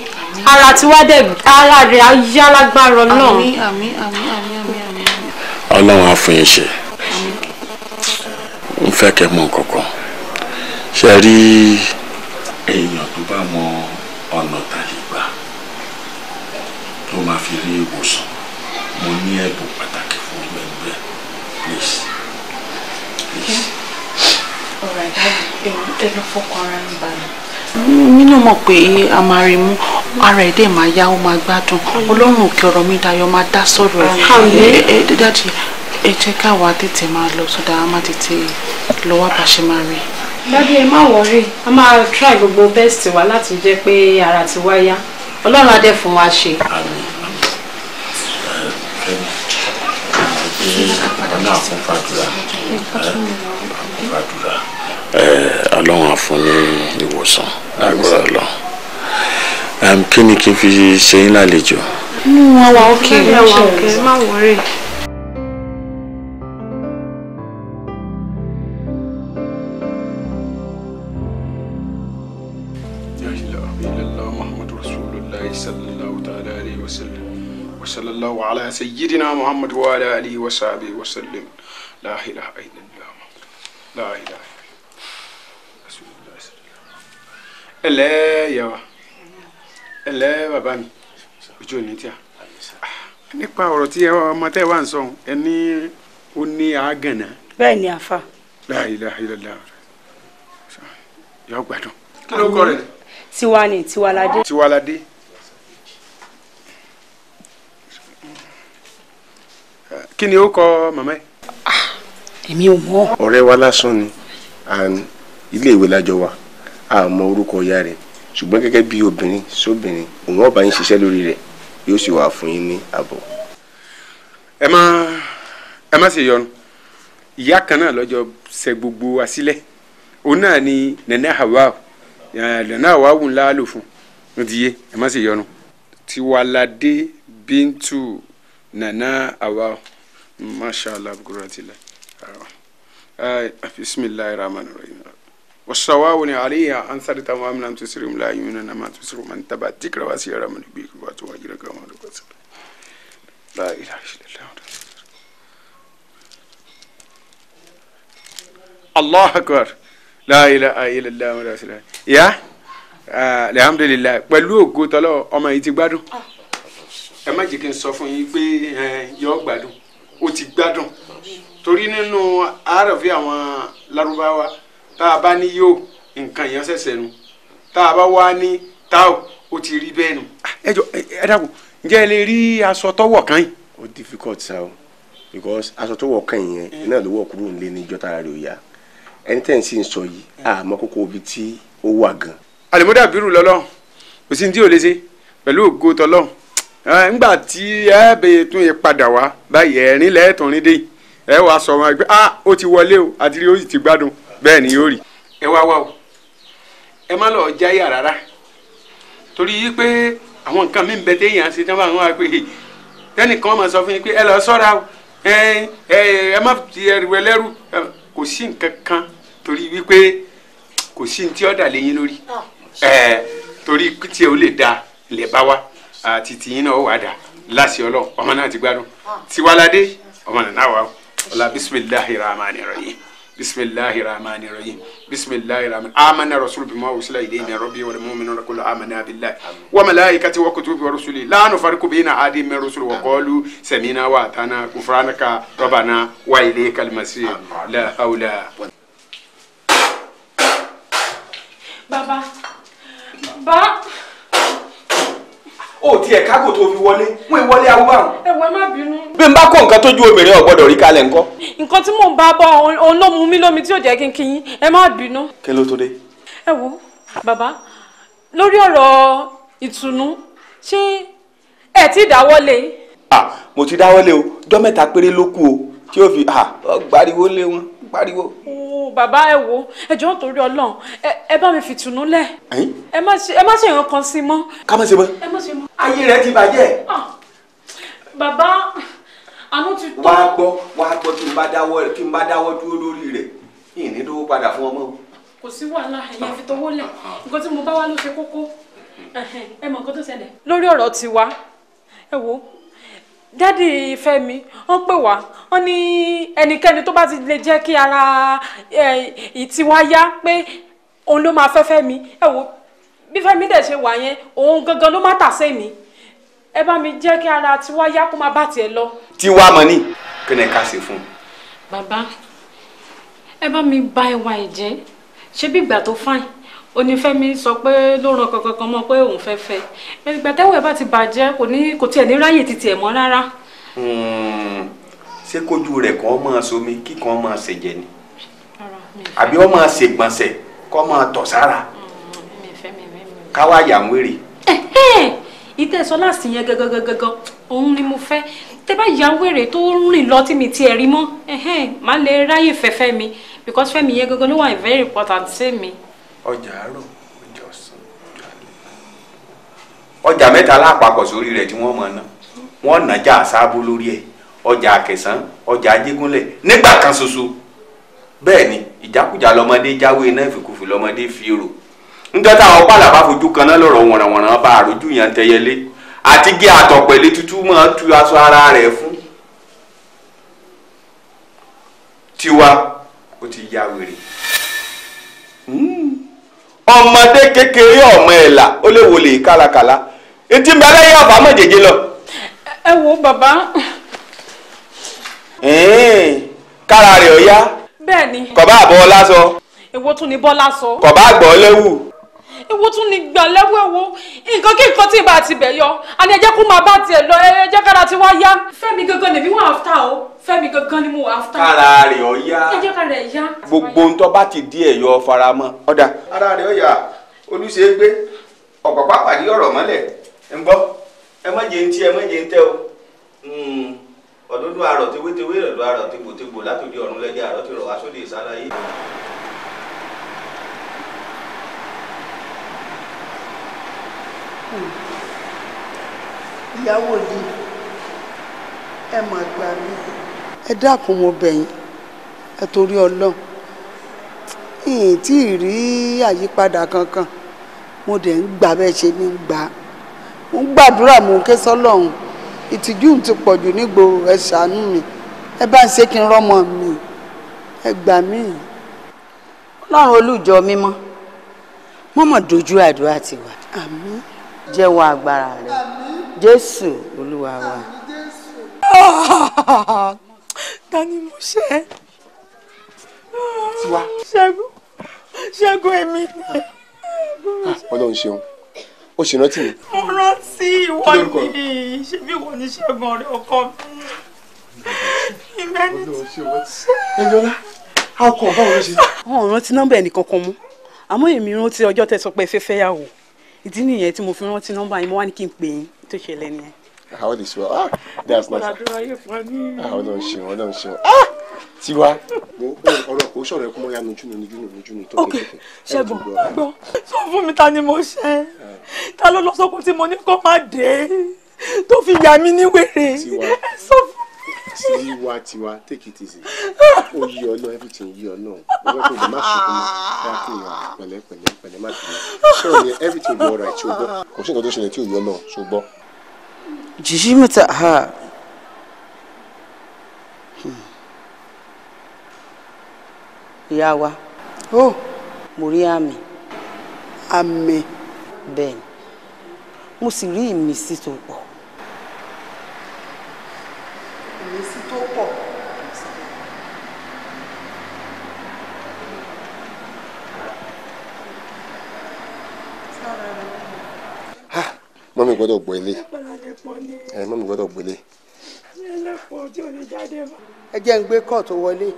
ara tiwa dẹ̀ ara rẹ̀ á yá lágbára ọlọ́run. ọlọ́run á fún yín ṣe n fẹ́ kẹ́ mọ̀ nǹkan ṣe rí èèyàn ìwòsàn mo ní ẹ̀bùn pàtàkì fún gbẹ̀gbẹ̀ please please. ọ̀rọ̀ ẹ̀ lọ fọkàn ara ń balẹ̀. mi náà mọ̀ pé a máa rí mú ara ẹ̀ dẹ̀ máa yá ó máa gbádùn ọlọ́run òkè ọ̀rọ̀ mi dayọ̀ máa dá sọ̀rọ̀ ẹ̀ dájú ẹ jẹ́ káwa tètè máa lọ sódà a máa tètè lọ wá bá ṣe máa rí. dábì ẹ má wọrí a máa try gbogbo best wa láti jẹ́ pé ara ti wá yá ọlọ́run á dẹ̀ fún wa ṣe. àmín wọn náà kún fàdúrà kún fàdúrà. ọlọ́run á fi ṣe yín lálejò. wà ókè ẹ wà ókè má wọrí. سيدنا محمد وعلى آله وصحبه وسلم لا إله إلا الله لا إله ẹlẹ́ yàwá ẹlẹ́ bàbá mi ojú ò ní tíya nípa ọ̀rọ̀ tí ọmọ tẹ́ wà ń sọ ẹni ó ní àágànnà. bẹ́ẹ̀ ni àfa. la ilaha illallah yọ gbádùn. kí ló kọ rẹ. tiwa tiwalade. tiwalade. kí ni ó kọ mama ah, yi. èmi ò mọ. ọ̀rẹ́ wa lásán ni ilé ìwé lájọ wa a mọ orúkọ ìyá rẹ̀ ṣùgbọ́n gẹ́gẹ́ bí obìnrin sóbìnrin òun ọba yín ṣiṣẹ́ lórí rẹ̀ yóò sì wà fún yín ní àbọ̀. ẹ má ẹ má ṣe yọnu ìyá kan náà lọ́jọ́ ṣe gbogbo wa sílẹ̀ òun náà ni nana hawa nana hawa wù ńlá lò fún un ti yé ẹ má ṣe yọnu tiwalade bintu nana awa masha allah bukuratila bisimilahi rahmani rahim wasawawuni alayya an sari tamam lam tusirim la yumina na ma tusiru man taba tikra wa siyara man bi ku wato wajira kama da wasu la ilaha Allah akbar la ilaha illallah wa rasulullah ya ah, alhamdulillah pẹ̀lú ògo tolo ọmọ yìí ti gbádùn ẹ má jẹ́ kí n sọ fún yín pé yọ gbádùn ó ti gbádùn torí nínú àárọ̀fẹ́ àwọn Lárúbáwá tá a bá ní yóò nǹkan yẹn ṣẹ̀ṣẹ̀ nu tá a bá wá ní táò ó ti rí bẹ́ẹ̀ nu. Ah, ẹ jọ ẹ dàgbọ́ ǹjẹ́ ẹ lè rí aṣọ tọ́wọ̀ kan yìí. ó difficult sa o because aṣọ tọ́wọ̀ kan yẹn mm. náà ló wọ̀ kúrò nílé níjọ́ tára rẹ̀ ò yá ẹni tẹ́ ẹ̀ ń sì ń sọ yìí àmọ́ kókó ibi tí ó wà gan. àlùmọ́dà bírù lọ́lọ́run kò sí ní tí ò lè ṣe pẹ̀lú ògo tọ́lọ́run ngba ti ẹ bèè tún yẹ padà wá báyìí ẹ̀rín lẹ́ẹ̀tọ̀rin dé ẹ wá sọ wọn ah ó ti wọlé o adiri ó sì ti gbádùn bẹ́ẹ̀ ni yóò rí. ẹ wá wá o ẹ má lọ jáyà rárá torí pé àwọn nǹkan mi ń bẹ téèyàn ṣe tán wá pé tẹnìkan sọ fún yín pé ẹ lọ o ẹ ẹ má ti ẹrù ẹlẹ́rù kò sí nǹkan kan torí wípé kò sí ní da ah. lè bá àti tìyín náà ó wà dà láti ọlọ ọmọ náà ti gbádùn tiwalade ọmọ náà náà wà ó ọlá bisimilahi rahmani rahim bisimilahi rahmani rahim bisimilahi rahmani amana rasul bima wusila ilayhi min rabbi wal mu'minuna kullu amana billahi wa malaikati wa kutubi wa rusuli la nufarriqu baina ahadin min rusuli wa qalu sami'na wa atana ghufranaka rabbana wa ilaykal masir la hawla baba ba o ti ẹ̀ kágò tó fi wọlé wọn ìwọlé awúgbà wọn. ẹ̀wọ̀n má bínú. bí n bá kó nǹkan tójú obìnrin ò gbọ́dọ̀ rí kalẹ̀ ńkọ́. nǹkan tí mò ń bá bọ̀ òun ló mú mi lómi tí ò jẹ́ kí n kí ẹ má bínú. kí ló tó dé. ẹ wo bàbá lórí ọ̀rọ̀ ìtùnú ṣé ẹ ti dáwọ́lé. ah mo ti dáwọ́lé o jọ́ mẹ́ta péré ló kù o tí ó fi ah gbariwo lé wọn gbariwo wo bàbá ẹ wo ẹjọ́ nítorí Ọlọ́run ẹ bá mi fìtùnú lẹ̀ ẹ má ṣe ìran kan sí mọ́. ká má ṣe mọ́ ayé rẹ ti bàjẹ́. bàbá àánú ti Baba, wàá gbọ́ wàá gbọ́ kí n bá dáwọ́ kí n bá dáwọ́ dúró lórí rẹ̀ ìní lówó padà fún ọmọ o. kò sí wàhálà ẹ̀yẹ fi tọwọ́ lẹ̀ nǹkan tí mo bá wá ló ṣe kókó ẹ mọ̀ nǹkan tó ṣẹlẹ̀. lórí ọ̀rọ̀ tiwa ẹ wo dádì Fẹ́mi wọ́n pè wá wọ́n ní ẹnikẹ́ni tó bá ti lè jẹ́ kí ara ìtiwá yá pé òun ló máa fẹ́ Fẹ́mi ẹ wò bí Fẹ́mi dẹ̀ ṣe wà yẹn òun gangan ló má tàsé mi ẹ bá mi jẹ́ kí ara tiwá yá kó má bà tiẹ̀ lọ. tiwa mọ ni kí ni ká ṣe fún. bàbá ẹ bá mi bà ìwà ẹ̀ jẹ́ ṣé bí ìgbà tó fáìn onífẹ́mi sọ pé ló ran kankan kan mọ́ pé òun fẹ́ fẹ́ ìgbà tẹ́wọ̀ ẹ̀ bá ti bàjẹ́ kò ní kò tiẹ̀ ní ráyè títí ẹ̀ mọ́ rárá. Hmm. ṣé kójú rẹ̀ kàn máa somi kí kàn máa ṣèjẹ ni àbí wọ́n máa ṣègbọ̀nsẹ̀ kọ́ máa tọ̀ sára hmm, káwá yà ń wéré. ìtẹ̀sọ́lá sì yẹn gangan gangan òun ni mo fẹ́ tẹ bá ya wèrè tó rìn lọ tí mi ti ẹ̀rí mọ́ má lè ráyè fẹ́fẹ́ mi because fẹ́mi yẹn gangan ló wà very important sí mi. ọjà àárọ̀ ọjà ọ̀sán ọjà mẹ́ta lápapọ̀ sórí rẹ̀ tí wọ́n mọ̀ ná wọ́n nàjà àṣàbò lórí ẹ̀ ọjà àkẹsàn ọjà ajégúnlẹ̀ nígbà kan ṣoṣo bẹ́ẹ̀ ni ìjákùjà lọmọdé jáwé iná lọmọdé fi rò nítorí àwọn pàlàbà fojú kan náà lọ̀rọ̀ ara rẹ̀ tiwa ó ya wèrè. ọmọdé kékeré ọmọ ẹ̀là ó lè wọlé kálákálá etí ń bẹ lẹ́yìn lọ. ẹ wo bàbá. kára rẹ̀ ó yá. bẹ́ẹ̀ ni. àbọ̀ ọlá sọ. ewo tún ni bọ́lá sọ. kọba àgbọ̀ ọlẹ́wù. ewu tún ní gbà lẹ́wọ́ ewu nǹkan kí nǹkan tí ìbá ti bẹ̀ yọ àní ẹ jẹ́ kó máa bá tiẹ̀ lọ ẹ jẹ́ kára tí wá yá. fẹ́mi gangan lèmi wà áfítà o fẹ́mi gangan ni mo wà áfítà. kára rẹ̀ ọ yá. ẹ kára rẹ̀ yá. gbogbo ń bá ti di ẹ̀yọ faramọ́ ọ̀dà. ara rẹ̀ ọ yá olùṣe é gbé ọ̀pọ̀ pàpàdé ọ̀rọ̀ mọ́lẹ̀ ń gbọ́ ẹ má jẹ́ ntí ẹ má jẹ́ ntẹ́ o hmm. ọdún dún arọ̀ tewétewé rẹ̀ dún arọ̀ tegbòtegbò látòdì ọ̀run lẹ́jẹ̀ ìyàwó ni ẹ mà gbà mí. ẹ dákun mo bẹ̀ yín ẹ torí ọlọ́run ìyìn tí ì rí àyípadà kankan mo dẹ̀ ń gbà bẹ́ẹ̀ ṣe ní gbà ń gbàdúrà mo ké sọ́lọ́run ìtìjú ti pọ̀jù nígboro ẹ ṣàánú mi ẹ bá ń ṣe kí n rọ́mọ mi ẹ gbà mí. ọlọ́run olùjọ mímọ́ mọ́mọ́ dojú àdúrà tiwa. àmín jẹ́ wọn agbára rẹ jésù olúwa wa. ta ni mo ṣe ṣẹ́gun ṣẹ́gun èmi ni. Ah, ọlọ́run ṣeun o ṣì rántí mi. mo rántí ìwọ ni ṣebí ìwọ ni ṣẹ́gun ọ̀rẹ́ ọkọ mi ẹyọlá a ọkọ báwo ló ṣe. wọn ò rántí nọ́mbà ẹnì kankan mú àmọ́ èmi rántí ọjọ́ tẹ́ sọ pé fẹfẹ yà wò ìdí nìyẹn tí mo fi rántí nọ́mbà yín mo wá ní kí n pè yín tó ṣẹlẹ̀ nìyẹn. àwọn lè ṣe ah that's nice. àdúrà yóò fún mi. àwọn náà ṣe wọn ṣe ah tiwa ọ̀rọ̀ kò sọ̀rọ̀ ẹkún mọ ya nojú nojú nojú nojú tó kékeré. ok ṣẹ́gun gbọ́ sọ fún mi ta ni mo ṣe ah. ta ló lọ sọkún tí mo ní kó má dé tó fi yà mí ní wèrè sọ fún what you are. take it easy ó yí know everything You ọ náà ọwọ́ tó lè má ṣubú má kí n wà pẹ̀lẹ́ pẹ̀lẹ́ pẹ̀lẹ́ má everything will be alright. kò sí nǹkan tó ṣẹlẹ̀ tí ò yí ọ náà ṣùgbọ́. ha ìyá wa ó mo Ami. Ben. àmì bẹ́ẹ̀ mo sì mọ́mí gbọ́dọ̀ gbọ́ ilé ẹ mọ́mí gbọ́dọ̀ gbọ́ ilé. ẹ jẹ́ ń gbé kóòtù wọlé.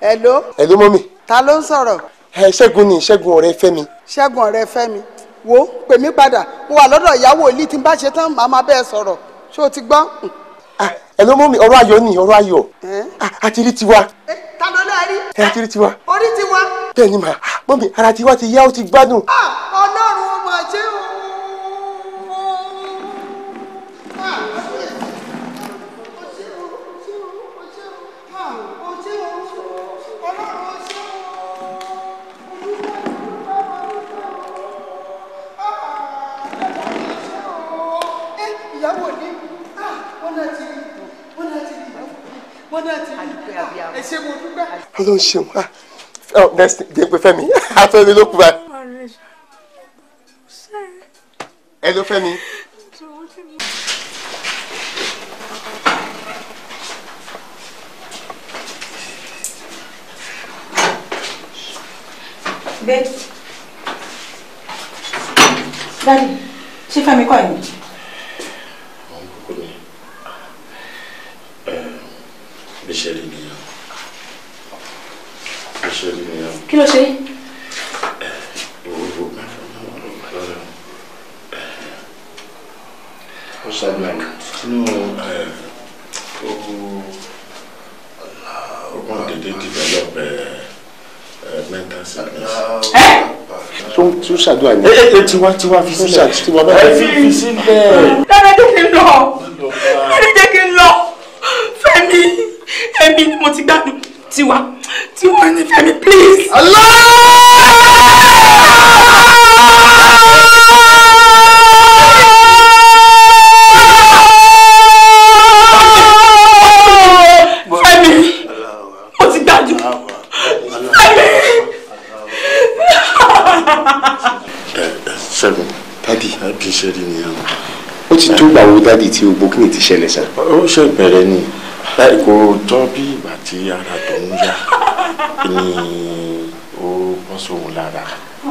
hello. hello mọ́mí. ta ló ń sọ̀rọ̀. ẹ ṣẹ́gun ni ṣẹ́gun ọ̀rẹ́ fẹ́mi. ṣẹ́gun ọ̀rẹ́ fẹ́mi wo pè mí padà mo wà lọ́dọ̀ ìyàwó ilé tí n bá ṣe tán màá máa bẹ́ẹ̀ sọ̀rọ̀ ṣé o ti gbọ́. ẹ ló mú mi ọ̀rọ̀ ayọ̀ ni ọ̀rọ̀ ayọ̀ àti rí tiwa. ta ló lè rí. ẹ àti rí tiwa. orí tiwa. bẹ́ẹ̀ ni màá mọ mi ara tiwa ti yá ó ti gbádùn. ọ ṣé mo dúpẹ́. Ọlọ́run ṣeun ah oh, next day pe Fẹ́mi afẹ́mi ló kú wa. ẹ ló Fẹ́mi. Babe. Daddy, ṣé Fẹ́mi kọ́ ẹ̀yìn? Bí ṣe rí ni ṣe mí o. kí ló ṣe yín. ó sábà nínú ogun dédé develop mental sickness. tó ń tún ṣàdúrà ní. ẹ ẹ tiwa tiwa fi sílẹ̀ tiwa bá yẹ fi sílẹ̀. dáadáa jẹ́ kí n lọ dáadáa jẹ́ kí n lọ fẹ́mi ẹ̀mí ni mo ti gbádùn tiwa. Do tí ó máa nífẹ̀ẹ́ mi please. Fẹ́mi ó ti gbájú Fẹ́mi. Ṣẹ́gun dádì bí iṣẹ́ rí nìyẹn ó ti tó gbà wo dádì tí gbogbo kíni ti ṣẹlẹ̀ sá. ó ṣe bẹ̀rẹ̀ ni kò tọ́ bí ìgbà tí ara tó ń yá ni ó bọ́ sóhun lára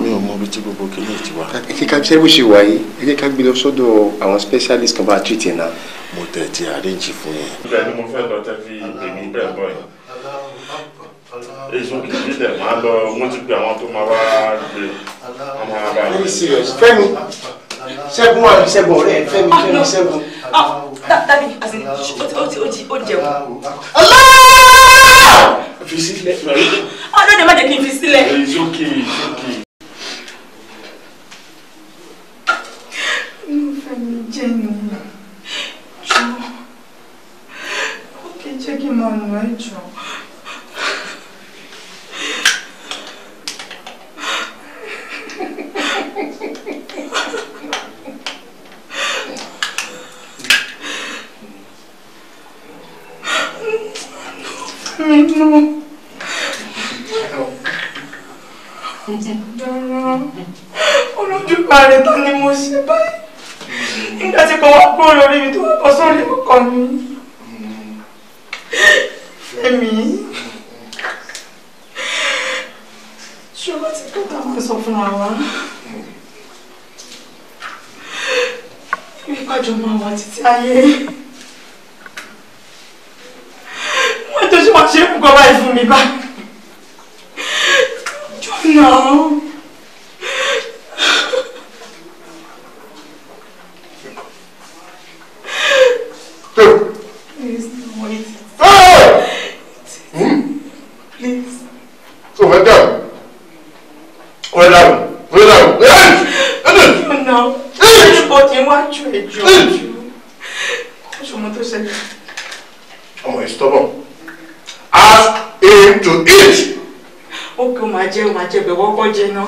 mi ò mọ ibi tí gbogbo kìnìún ti wá. ẹ jẹ́ ká ṣe ṣe wà ẹ jẹ́ ká gbé lọ sọ́dọ̀ àwọn specialist kan bá a treat ẹ̀ náà. mo tẹ̀ ti fún yẹn. ibẹ̀ ni mo fẹ́ lọ tẹ́ èmi bẹ́ẹ̀ bọ̀ yìí èso kìkì dẹ̀ máa lọ wọ́n ti pe àwọn tó máa wá gbé ọmọ ara rẹ̀. very serious Fẹ́mi Ṣẹ́gun wà ní Ṣẹ́gun ọ̀rẹ́ Fẹ́mi Fẹ́mi Ṣẹ́gun. Ah, dàbí o ti o ti o ti jẹun fi sílẹ̀. ọlọ́dẹ má jẹ́ kí n fi sílẹ̀. it's okay it's okay. jẹ bẹ̀ wọ́pọ̀ jẹ náà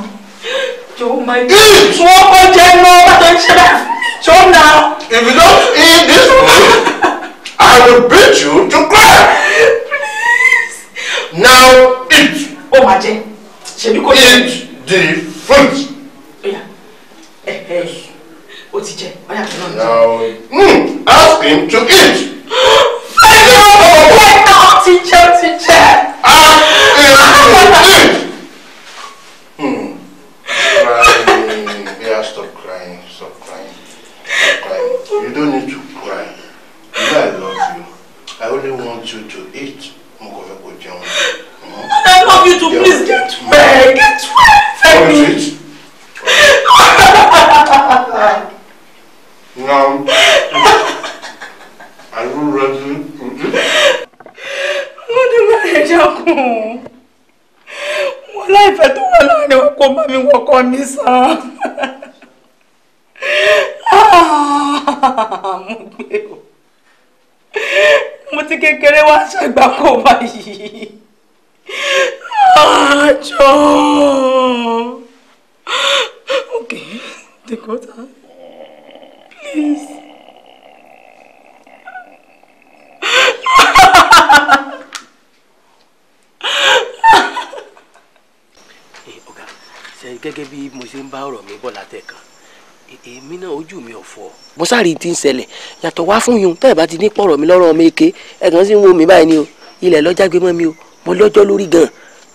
jọ ó máa jẹ. tí wọ́n kọ́ náà wọ́n tó ń ṣe bẹ́ẹ̀ ṣó ń da. if you don't eat this one I will beat you to cry. now eat. ó máa jẹ ṣèbí kò jẹ. eat the fruit. oya ẹ ti jẹ ọyà tó náà. now mm, ask him to eat. wá ṣàgbà kó báyìí àjọ ah, okay Dakota please. Eh, gẹ́gẹ́ bí mo ṣe ń bá ọ̀rọ̀ mi bọ̀ látẹ̀ èmi náà ojú mi ò fọ. mo sáré ti ń ṣẹlẹ̀ yàtọ̀ wá fún yun tẹ́ẹ̀ bá ti ní pọ̀rọ̀ mi lọ́rọ̀ ọmọ èké ẹ̀gàn sí ń wo mi báyìí ni o ilẹ̀ lọ́jà gbé mọ́ mi o mo lọ́jọ́ lórí gan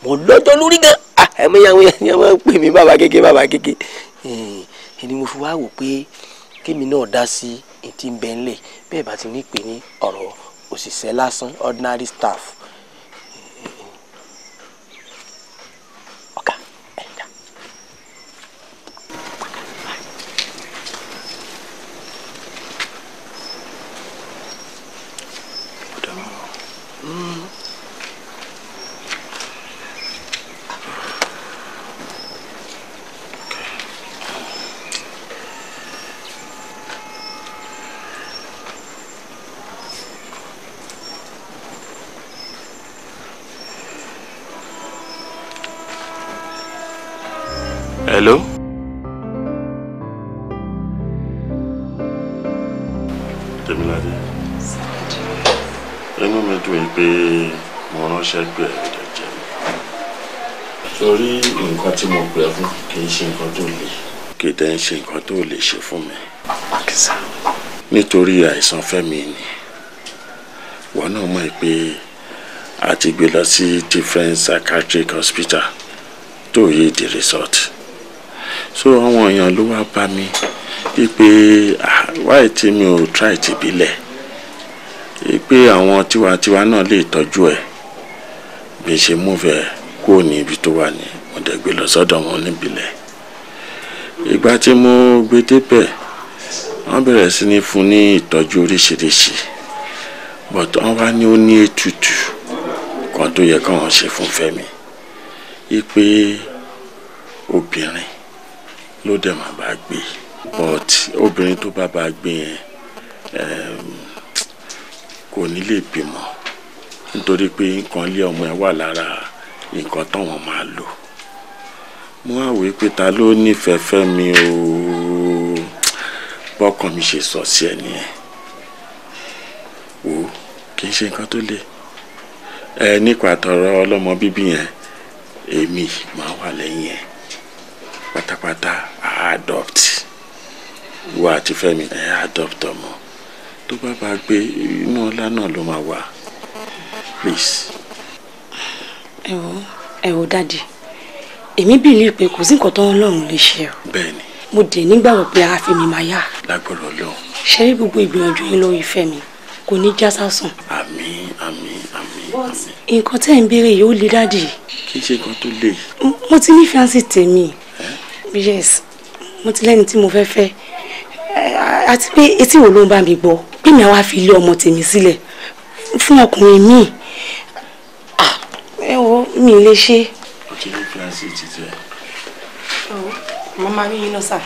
mo lọ́jọ́ lórí gan ah, ẹ̀mí yàwó yẹn máa ń pè mí bàbá kéke bàbá kéke ẹni mo fi wá wò pé kémi náà dá sí ètí ń bẹ́ńlẹ̀ bẹ́ẹ̀ bá ti ní pè ní ọ̀rọ̀ òṣìṣẹ́ lásán ordinary staff Hello? Tèmiládé. Inú mi me yín pé mo ránṣẹ́ pé ẹ̀ lè jẹ́ mi. Torí nǹkan tí mo pè fún kì í ṣe nǹkan tó le. Kì í dẹ́n ṣe nǹkan tó lè ṣe fún mi. Àkísà. Nítorí àìsàn Fẹ́mi ni. Wọ́n náà mọ̀ pé a ti gbé lọ sí different psychiatric hospital tó yé di resort so àwọn èèyàn ló wá bá mi wípé wáyé tí mi ò try tìbílẹ̀ wípé àwọn tiwantiwa náà lè tọ́jú ẹ̀ bí ṣe múfẹ̀ kúrò ní ibi tó wà ní mo dẹ̀ gbé lọ sọ́dọ̀ wọn níbílẹ̀ ìgbà tí mo gbé débẹ̀ wọ́n bẹ̀rẹ̀ sí ní fún ní ìtọ́jú oríṣiríṣi but wọ́n wá ní ó ní ètùtù kan tó yẹ káwọn ṣe fún Fẹ́mi wípé obìnrin ló dẹ̀ máa bá gbé but obìnrin tó bá bá gbé yẹn ehm, kò ní lè bímọ nítorí pé nǹkan ilé ọmọ ẹ wà lára nǹkan táwọn máa lò mo wá wí pé ta ló nífẹ̀ẹ́ fẹ́ mi o bọ́kàn mi ṣe sọ sí ẹ nìyẹn wò ó kì í ṣe nǹkan tó le ẹ nípa tọrọ ọlọ́mọ bíbí yẹn èmi máa wà lẹ́yìn ẹ pátápátá adopt wo àti Fẹ́mi ẹ adopt ọmọ tó bá bá gbé inú ọlá náà ló máa wà please. ẹ wò ẹ wò dáàdi èmi bìlí pé kò sí nǹkan tó ń lọ́rùn lè ṣe o. bẹ́ẹ̀ni. mo dé nígbàgbọ́ pé a fi mi máa yá. lágbọ̀rọ̀ lọ́hùn. ṣe é gbogbo ìgbìyànjú yín lórí ìfẹ́ mi kò ní já sásùn. àmín àmín àmín àmín. nǹkan tẹ́ ẹ̀ ń béèrè yìí ó le dáàdì. kì í ṣe nǹkan tó le. mo ti nífẹ̀ẹ́ sí tèmi. yes mo ti lẹ́ni tí mo fẹ́ fẹ́ eh, àti pé etí wo ló ń bá mi gbọ́ pé mi àwa fi ilé ọmọ tèmi sílẹ̀ fún ọkùnrin míì ah, ẹ wo mi lè ṣe. Oh, mo máa rí yín sà.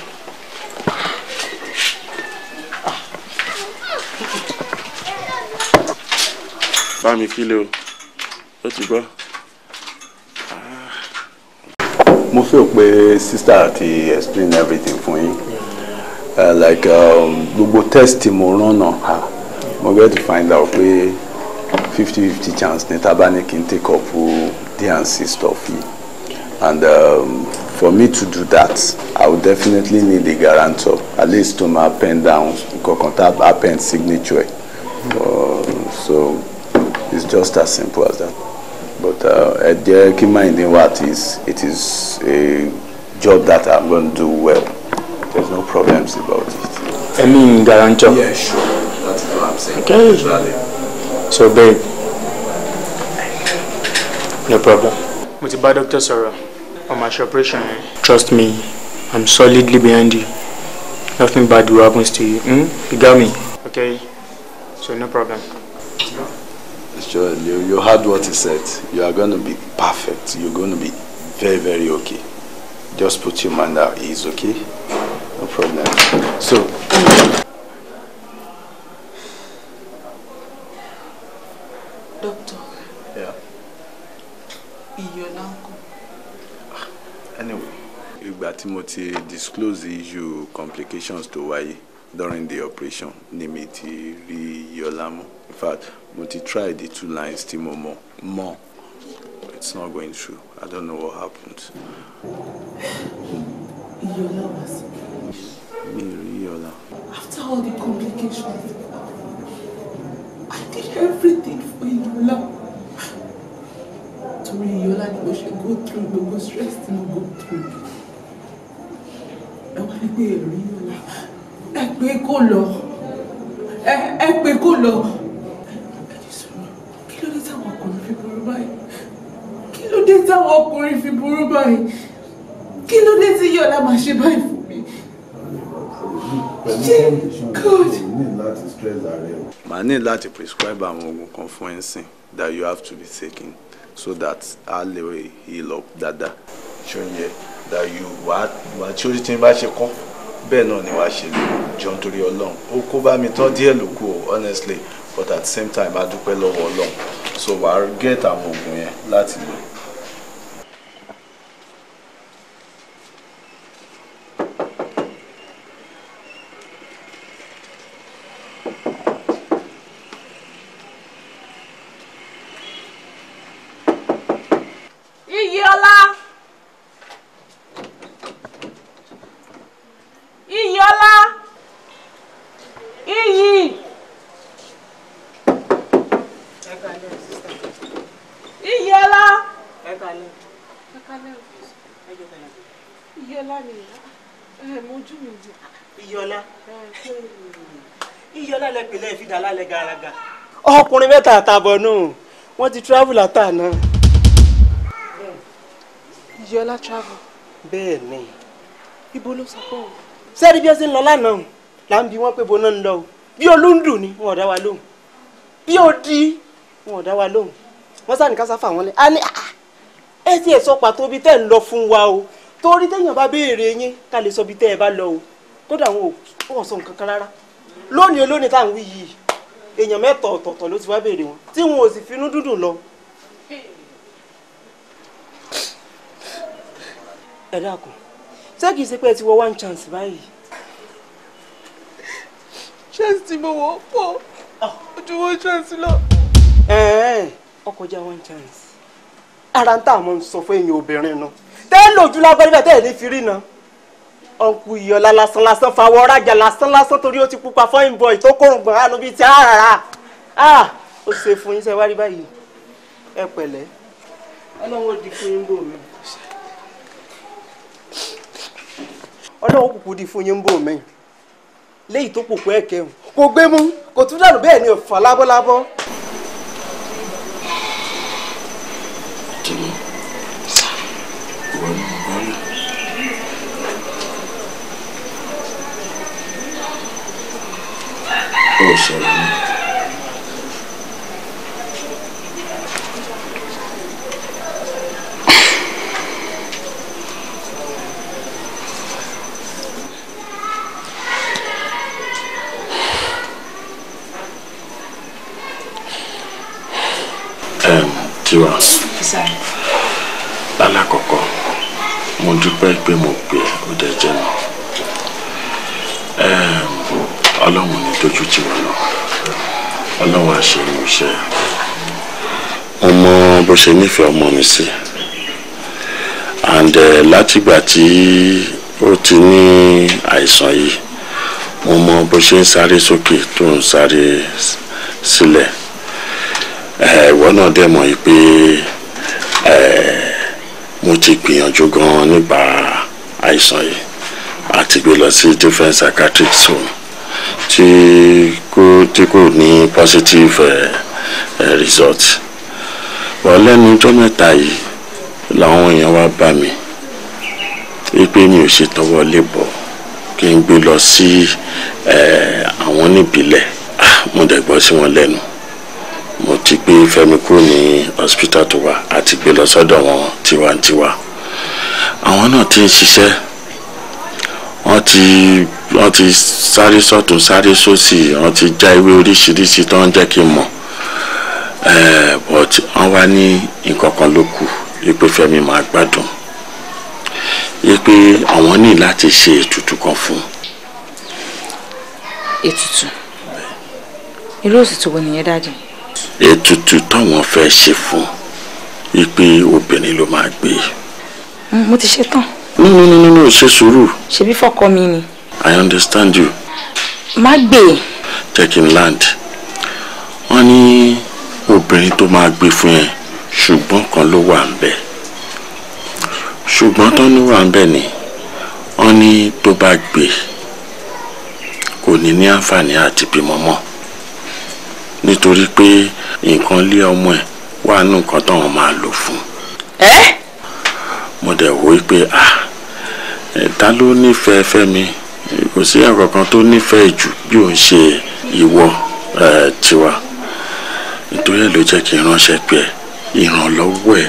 bá mi fílẹ̀ o ó ti gbọ́. feel pé sister ti explain everything fún yín uh, like um, gbogbo um, test mo rán náà ha mo get to find out pé fifty fifty chance ni tá a take up d and c stuff yìí and um, for me to do that i would definitely need a guarantor at least to ma pen down nkankan tá a pen signature uh, so it's just as simple as that but uh, ẹ jẹ́ kí mind wà what is it is a job that i'm going to do well there's no problems about it. I mean guarantee. yeah sure that's what i'm saying. okay usually. so babe no problem. mo ti bá doctor Sarah, on my operation. trust me i'm solidly behind you nothing bad will happen to you hmm? you got me. okay so no problem. No. Joel, you, you heard what he said. You are going to be perfect. You're going to be very, very okay. Just put your mind at ease, okay? No problem. So. Doctor. Yeah. Iyola ńkọ́. Anyway, you tí mo disclose the issue complications to why during the operation ni mi In fact, But he tried the two lines tí mo mọ̀ it's not going through i don't know what happened. iyola wá sí. after all the complications i did everything for iyola torí iyola ni mo ṣe go through gbogbo stress tí mo go through I want to pé èrò iyola ẹ pé kó lọ ẹ ọkùnrin fi burú báyìí kí ló dé táwọn ọkùnrin fi burú báyìí kí ló dé tí yọ̀ọ̀lá máa ṣe báyìí fún mi. ṣé god. màá ní láti prescribe àwọn oògùn that you have to be taking so that a lè heal up dáadáa ṣóyẹ that you what? wà tí orí tí n bá ṣe kọ́ bẹ́ẹ̀ náà ni wàá ṣe lò jọ nítorí ọlọ́run ó kó bá mi honestly but at the same time I do lọ́wọ́ ọlọ́run so wàá get àwọn oògùn yẹn láti lò. àtàbọ̀ náà wọ́n ti travel àtàná. ìyọlá travel. bẹ́ẹ̀ ni. ibo ló sọ fún un. sẹ́ẹ̀rí bí ó ṣe ń lọ lánàá là ń bi wọ́n pé boná ń lọ o bí olúndù ni wọn ò dá wa lóhùn bí odi wọn ò dá wa lóhùn wọ́n sá ní ká sáfà wọn lẹ a ní ah, ẹ ti ẹ sọ pàtó bí tẹ ń lọ fún wa o torí téèyàn bá béèrè yín ká lè sọ bí tẹ ẹ bá lọ o kódà wọn ò sọ nǹkan kan rárá lónìí olónìí tá à ń wí yìí èèyàn mẹ́ta ọ̀tọ̀ọ̀tọ̀ ló ti wá béèrè wọn tí wọn ò sì finú dúdùn lọ. ẹ dákun ṣé kìí ṣe pé ẹ ti wọ one chance báyìí. chance tí mo wọ pọ̀ ah. ojú wọn chance lọ. ọkọ̀ já one chance ara ń tà mọ́ sọ fún èèyàn obìnrin náà tẹ́ lójú lágbárí bẹ́ẹ̀ tẹ́ ẹ̀ ní fi náà ọ̀nkù ìyọ̀lá lásán lásán fàwọ̀ ọ̀rajà lásán lásán torí ó ti pupa fọ́yìn bọ̀ tó kòrògbọ̀n àánú bíi ti àràrà ah, ó ṣe fún yín ṣe wá rí báyìí ẹ pẹ̀lẹ́ ọlọ́wọ́ di fún yín bò mí ọlọ́wọ́ kùkù di fún yín bò mí léyìí tó pòpò ẹ̀kẹ́ kò gbé mú kò tún dànù bẹ́ẹ̀ ni ò fà lábọ́lábọ́. ó ṣẹlẹ̀ ní. tiwa lálàkọ̀kọ́ mo dúpẹ́ pé mo pè ó dẹ̀ náà ọlọ́run ní dojú tì wá náà ọlọ́run á ṣe irú iṣẹ́ mo mọ bó ṣe nífẹ̀ẹ́ ọmọ mi sí and eh, látìgbà tí ó ti ní àìsàn yìí mo mọ bó ṣe ń sáré sókè tó ń sáré sílẹ̀ eh, ìwọ náà dẹ̀ mọ̀ pé eh, mo ti gbìyànjú gan-an nípa àìsàn yìí àti gbé lọ sí different psychiatric zone tí kò tí kò ní positive uh, uh, result wọ́n lẹ́nu ọjọ́ mẹ́ta yìí làwọn èèyàn wá bá mi wípé mi ò ṣe tọwọ́ lè bọ̀ kí n gbé lọ sí eh, àwọn níbílẹ̀ ah, mo dẹ̀ gbọ́ sí wọn lẹ́nu mo ti gbé Fẹ́mi kúrò ní hospital tó wà àti gbé lọ sọ́dọ̀ wọn tiwantiwa àwọn náà ti ń ṣiṣẹ́ wọ́n ti wọ́n ti sáré sọ́tún sáré sósì wọ́n ti já ewé oríṣiríṣi tó ń jẹ́ kí n mọ̀ eh, but wọ́n wá ní nǹkan kan ló kù wípé Fẹ́mi máa gbádùn wípé àwọn ní láti ṣe ètùtù kan fún un. ètùtù irú òsìtò wo nìyẹn dájú. ètùtù táwọn fẹ́ ṣe fún wípé obìnrin ló máa gbé. Mm, mo ti ṣe tán. nínú nínú ṣe sùúrù. ṣebí fọkọ mi ni. I understand you. Má taking land. Wọ́n ní obìnrin tó máa gbé fún yẹn ṣùgbọ́n kan ló wà ń bẹ̀. Ṣùgbọ́n tó ní wà ń bẹ̀ ni wọ́n ní tó bá gbé kò ní ní àǹfààní àti bímọ mọ́ nítorí pé nǹkan lé ọmọ ẹ̀ wà nù nǹkan táwọn máa lò fún. Mo dẹ̀ wò pé ah ta ló nífẹ̀ẹ́ fẹ́ mi kò sí ẹ̀kọ̀kan tó nífẹ̀ẹ́ jù bí òun ṣe ìwọ tiwa nítorí ẹ̀ ló jẹ́ kí ìránṣẹ́ pé ìrànlọ́wọ́ ẹ̀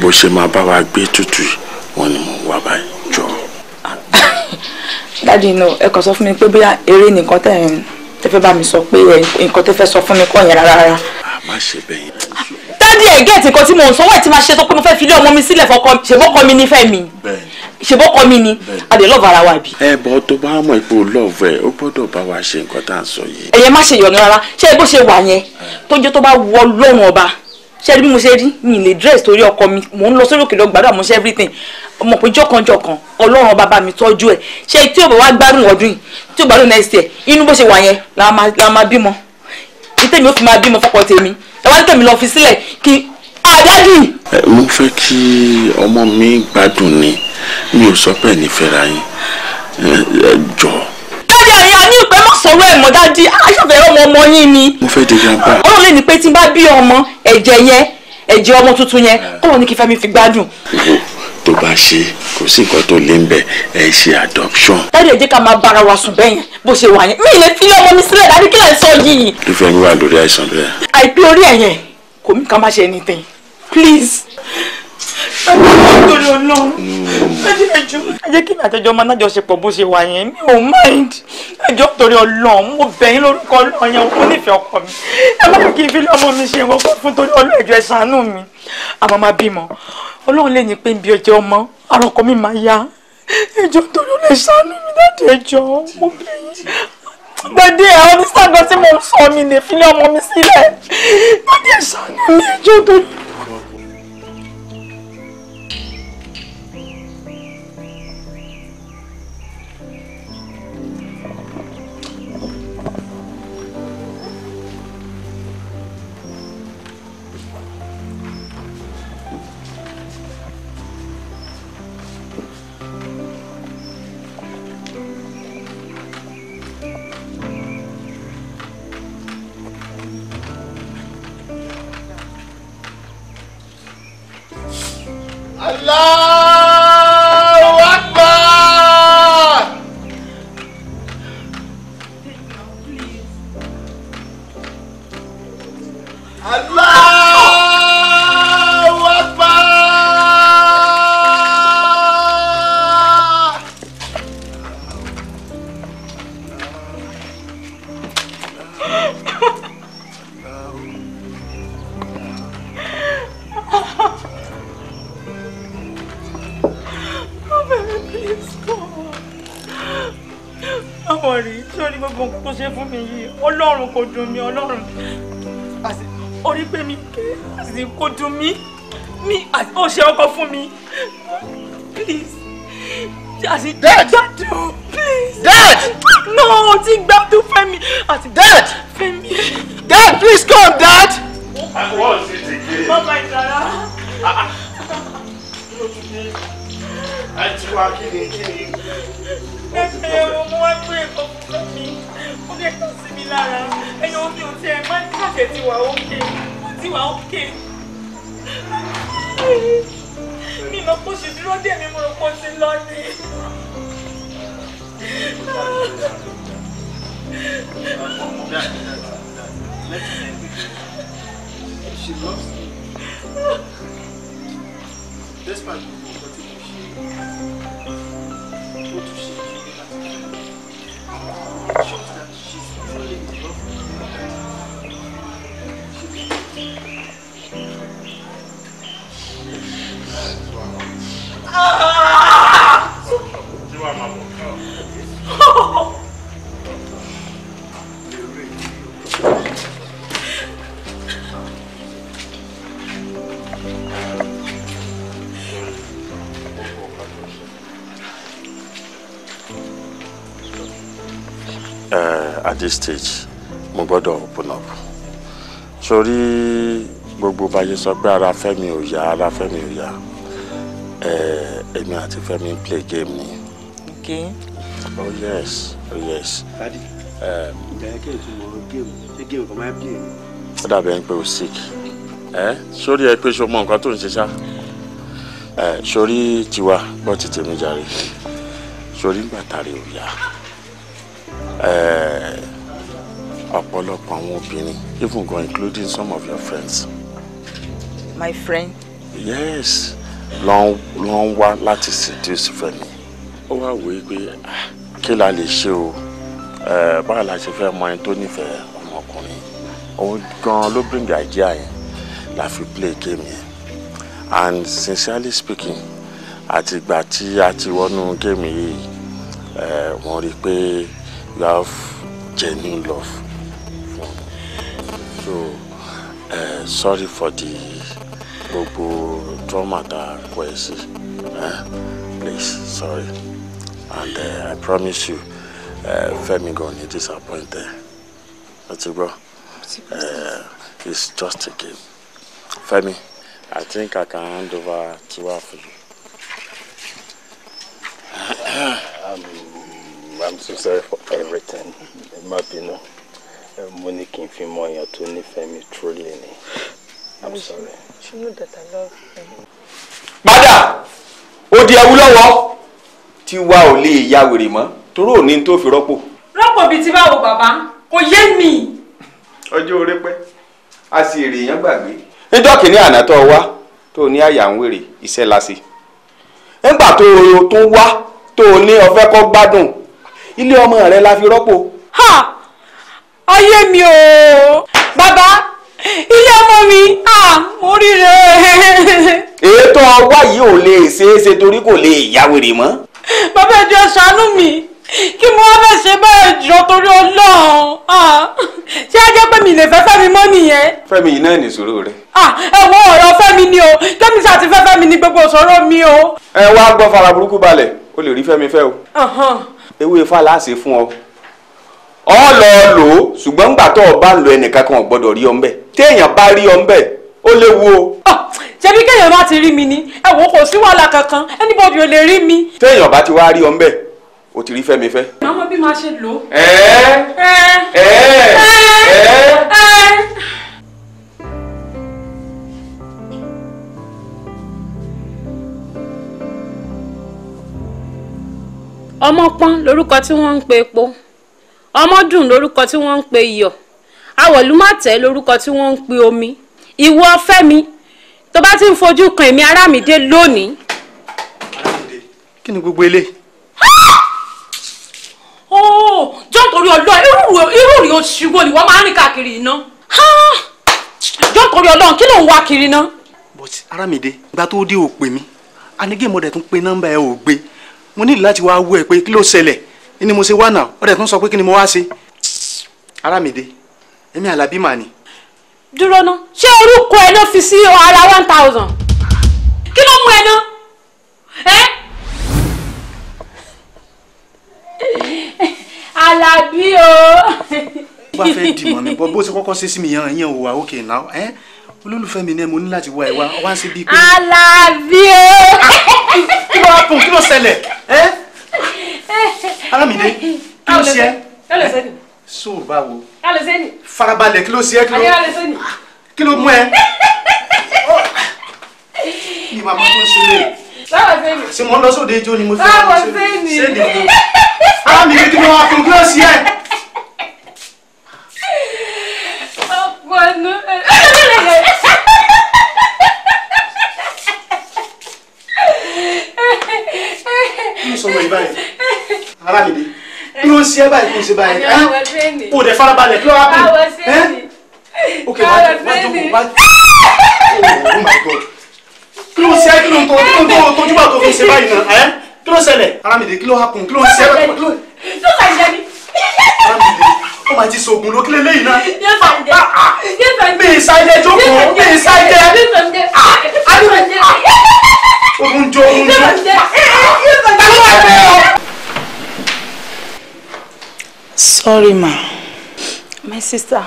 bó ṣe máa bá wa gbé tutù wọn ni mo wá báyìí jọ. dáàdi inú ẹ kàn sọ fún mi pé bóyá eré nìkan tẹ̀ ń tẹ́ fẹ́ bá mi sọ pé nǹkan tẹ́ fẹ́ sọ fún mi kọ́ yẹn rárá. a ah, má ṣe bẹ́yìn. dáàdi ẹ̀ gẹ̀ẹ́tì kan tí mò ń sọ wọ́n ẹ̀ ti máa ṣe sọ pé mo fẹ́ fi ilé ọmọ mi sílẹ̀ fọkọ ṣèfọ́kọ mi nífẹ̀ẹ́ mi. bẹ́ẹ̀ni ṣèbọ́kọ mi ni a lè lọ́ọ̀bù ara wa bi. ẹ bọ tó bá mọ ipò lọ́ọ̀bù ẹ ó gbọ́dọ̀ bá wa ṣe nǹkan tá à ń sọ yìí. ẹyẹ má ṣe yọnu rárá ṣé bó ṣe wà yẹn tó jẹ́ tó bá wọ lọ́rùn ọba ṣé bí mo ṣe rí mi lè dress torí ọkọ mi mò ń lọ sórí òkè lọ gbàdúrà mo ṣe everything ọmọ pé jọkànjọkàn ọlọ́run ọba bá mi tọ́jú ẹ̀ ṣé tí ò bá wá gbádùn ọdún yìí tí ò bá lọ next year inú bó ṣe wà yẹn la máa bímọ ìtẹ̀mí ó fi máa bímọ fọkọ tèmi ẹ wá ní tèmi lọ fi sílẹ̀ kí àdájì. Ah, mo fẹ́ kí ọmọ mi gbádùn ni mi ò sọ pé ẹ̀ nífẹ̀ẹ́ra yín jọ. dájú ẹ̀yin àní ìpè mọ̀ sọ̀rọ̀ ẹ̀ mọ́ dájú aṣọ́fẹ́ ọmọ ọmọ yín ni. mo fẹ́ di grandpa. ọlọ́run lè ní pé tí n bá bí ọmọ ẹ̀jẹ̀ yẹn ẹ̀jẹ̀ ọmọ tuntun yẹn kọ́wọ́ ní kí fẹ́mi fi gbádùn tó bá ṣe kò sí nǹkan tó lé ń bẹ ẹ ṣe adoption. dáàdi ẹ jẹ́ ká máa bára wa sùn bẹ́yẹn bó ṣe wà yẹn mi lè fi ọmọ mi sílẹ̀ dáàdi kí lè sọ yìí. ìfẹ́ mi wà lórí àìsàn bẹ́ẹ̀. àìpé orí ẹ̀yẹn kò mí please ẹ jẹ́ kí ni àtẹjọ́ máa nájọṣepọ̀ bó ṣe wà yẹn mi ò mind ẹjọ́ torí ọlọ́run mo bẹ̀ yín lórúkọ ọlọ́run yẹn mo nífẹ̀ẹ́ ọkọ mi ẹ má kí n fi ọmọ mi ṣe ìwọ́pọ̀ fún torí ọlọ́run ẹjọ́ ẹ ṣàánú mi àmọ́ máa bímọ ọlọ́run lè ní pé bí ọjọ́ ọmọ ara ọkọ mi máa yá ẹjọ́ torí ọlọ́run ṣàánú mi dáàdì ẹjọ́ mo bẹ̀ yín dadi ẹ ọ ní sàgọ́ tí mo sọ mi lè fi ọmọ mi sílẹ̀ dadi ẹ ṣàánú mi ẹjọ́ torí ṣe fún mi yìí ọlọ́run kò dùn mí ọlọ́run orí pé mi kí kò dùn mí mi ò ṣe ọkọ fún mi please àti gbàdùn please dad no ti gbàdùn Fẹ́mi àti dad Fẹ́mi dad please come dad. wọ́n ṣe ti gbé. bàbá ìdára. ẹ ti wá kí ni kí ni. ẹ fẹ́ ọmọ wá pé ẹ̀kọ́ fún mi ó dẹ̀ tàn sí mi lára ẹ̀yàn omi ò tiẹ̀ máa ń tàjẹ̀ ti wà òkè ti wà òkè mi mọ̀ pé oṣù dúró dé mi mo rò pé ó ti lọ ni. She loves me. This part. this stage mo gbọ́dọ̀ open up sórí gbogbo báyé sọ pé ara Fẹ́mi ò yá ara Fẹ́mi ò yá èmi àti Fẹ́mi play game ni. okay. oh yes oh yes. dadi ìjà yẹn kí n tún mọ game ṣé game kan máa play. ó dàbí ẹni pé o sick ẹ sórí ẹ pé ṣo mọ nǹkan tó ń ṣe ṣá ẹ sórí tiwa gbọ́ ti tèmi jàre sórí gbàtàrí ò yá ẹ ọ̀pọ̀lọpọ̀ àwọn obìnrin even go including some of your friends. my friend. yes ló ń wá láti seduce Fẹ́mi ó wá wòye pé ah, kí la lè ṣe o eh, báwo la ṣe fẹ́ mọ ẹni tó nífẹ̀ẹ́ ọmọkùnrin òun gan ló bring idea yẹn la fi play game yẹn and sincerely speaking àtìgbà tí a ti wọnú géèmù yìí eh, wọ́n rí i pé you have genuine love so uh, sorry for the gbogbo trauma that kọ ẹ eh, please sorry and uh, I promise you uh, Femi gan ni disappoint ẹ That's it, bro. it's just a game Femi I think I can hand over her for you. I'm, I'm so sorry for everything. It might be no. mo ní kí n fi mọ èèyàn tó nífẹ̀ẹ́ mi truly ni i'm sorry. she know that i love him. padà ó di ẹwú lọ́wọ́ tí wa ò lè ya wèrè mọ́ torí òní tó fi rọ́pò. rọ́pò bíi ti báwo bàbá kò yé mi. ọjọ́ orí pẹ́ a sì èrè èèyàn gbàgbé. níjọ́ kìíní àná tó wá tó ní àyà ń wèrè iṣẹ́ la nígbà tó o wá tó ní ọ̀fẹ́ kọ́ gbádùn ilé ọmọ rẹ la fi rọ́pò. ha ayé mi o bàbá ilé ọmọ mi mo rí rẹ. ètò ọwọ́ yìí ò lè ṣeé ṣe torí kò lè yáwèrè mọ́. bàbá ẹ jọ̀ọ́ ṣàánú mi kí mo wá fẹ́ ṣe bẹ́ẹ̀ jọ torí ọlọ́run ṣé á jẹ́ pé mi lè fẹ́ fẹ́mi mọ́ nìyẹn. fẹ́mi yìí náà ní ìṣòro rẹ. ẹ̀wọ̀n ọ̀rọ̀ fẹ́mi ni o tẹ́mi ṣáà ti fẹ́ fẹ́mi ni gbogbo ìṣòro mi o. ẹ wá gbọ́ fara burúkú balẹ̀ o lè rí fẹ́mi fẹ́ o. ewé fàlà fún ọ ọ lọ lò ó ṣùgbọ́n ńgbà tó o bá ń lo ẹnìkan kan ò gbọ́dọ̀ rí ọ ńbẹ̀ téèyàn bá rí ọ ńbẹ̀ ó léwu o. Ah, ṣebí kéèyàn bá ti rí mi ni ẹ wò kò sí wàhálà kankan anybody ò lè rí mi. téèyàn bá ti wá rí ọ ńbẹ̀ o ti rí fẹ́mi fẹ́. màmá bí màá ṣe lò ó. ẹ ẹ ẹ ẹ ẹ. ọmọ pọ́n lorúkọ tí wọ́n ń pe epo ọmọdún lórúkọ tí wọ́n ń pe iyọ̀ awọ̀lúmọ̀tẹ́ lórúkọ tí wọ́n ń pe omi ìwọ fẹ́mi tó bá ti ń fojú kan èmi arámidé lónìí. kí ni gbogbo eléyìí. ooo jọ́ torí ọlọ́run irú rí oṣù wo ni wọ́n máa ń rìn káàkiri iná. jọ́ torí ọlọ́run kí ló ń wá kiri iná. but arámidé ìgbà tó dé ò pè mí anigé mo dẹ̀ tún pe nọ́mbà ẹ ò gbé mo ní láti wá wú ẹ pé kí ló ṣẹlẹ̀ ni mo ṣe wá náà ọ̀rẹ́ tún sọ pé kí ni mo wá ṣe Arámidé èmi Àlàbí mà ni. dúró ná ṣé orúkọ ẹ ló fi sí ara one thousand kí ló mú ẹ ná ẹ. Àlàbí o. bá fẹ́ dìmọ̀ mi bọ́ bó ṣe kọ́kọ́ ṣe sí mi yan ìyẹn ò wá òkè náà ẹ́ olólùfẹ́ mi ni mo ní láti wá ẹ wá wá sí bíi pé. Àlàbí o. Ah! kí ló hapun kí ló ṣẹlẹ̀ ẹ́. Alámìdé kí ló ṣe ẹ́ eh, so báwo farabalẹ̀ kí ló ṣe ẹ́ kí ló kí ló mú ẹ oh, ni màmá tó ń ṣe lè ṣe mọ́ lọ sóde ijó ni mo fi ọmọ ṣe lè mú Alámìdé kí ló wá fún kí ló ṣe ẹ́. kí ló sọ wọ ìbáyìí arábìnrin kí ló ń ṣe báyìí kí ló ń ṣe báyìí ẹ o dẹ farabalẹ̀ kí ló wá bí ẹ ok wá jókòó wá oh my god kí ló ń ṣe kí ló ń tọ kí ló ń tọ tójúbà tó fi ṣe báyìí náà ẹ kí ló ṣẹlẹ̀ arábìnrin kí ló wá kún kí ló ń ṣe báyìí kí ló ó máa ti sògùn ló kílé léyìn náà. Ah, ah. mi ìsáyé jókòó mi ìsáyé òun jó eh, eh, eh, sorry ma my sister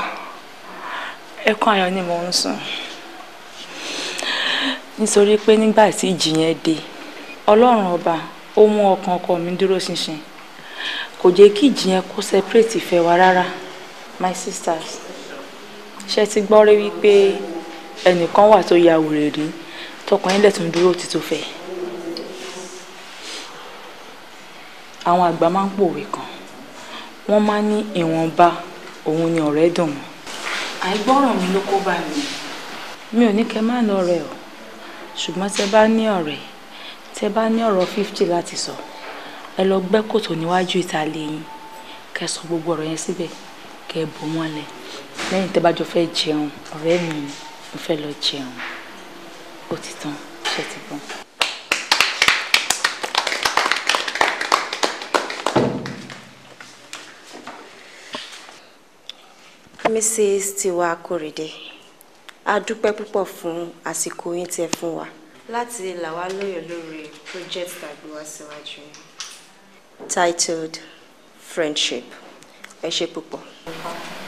ẹkún ayọ̀ ni mò ń sùn nítorí pé nígbà tí ìjì yẹn dé ọlọ́run ọba ó mú ọkàn ọkọ mi dúró ṣinṣin kò jẹ́ kí ìjì yẹn kó separate ìfẹ́ wa rárá my sisters ṣe ti gbọ́ rí wípé ẹnìkan wà tó ya wèrè rí tọkàn yín lẹ́tùn dúró ti tó fẹ́ àwọn àgbà máa ń pòwe kan wọ́n máa ń ní ìwọ̀nba òun ni ọ̀rẹ́ dùn mọ́ àìgbọ́ràn mi ló kó bá mi mi ò ní kẹ́ má lọ rẹ o ṣùgbọ́n tẹ́ bá ní ọ̀rẹ́ tẹ́ bá ní ọ̀rọ̀ fifty láti sọ ẹ lọ gbẹ́ kòtò níwájú ìta lẹ́yìn kẹ́ sọ gbogbo ọ̀rọ̀ yẹn síbẹ̀ kẹ́ bò mọ́lẹ̀ lẹ́yìn tẹ́ bá jọ fẹ́ jẹun ọ̀rẹ́ mi mo fẹ́ lọ jẹun ó ti tán Mrs. Tiwa Akorede a dúpẹ́ púpọ̀ fún àsìkò yín tí ẹ fún wa láti là wá lóye lórí project tàbí wá síwájú yín. titled friendship ẹ ṣé púpọ̀. Okay.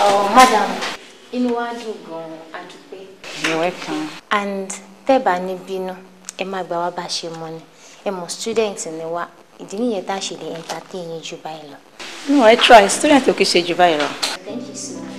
Oh, madam inú wa dùn gan you welcome. and tẹ́ẹ̀bà ní bínú ẹ má gbà wá bá ṣe mọ ni ẹ mọ ni wá ìdí nìyẹn tá entertain yín jù báyìí no i try Students ò kì í ṣe jù báyìí thank you so much.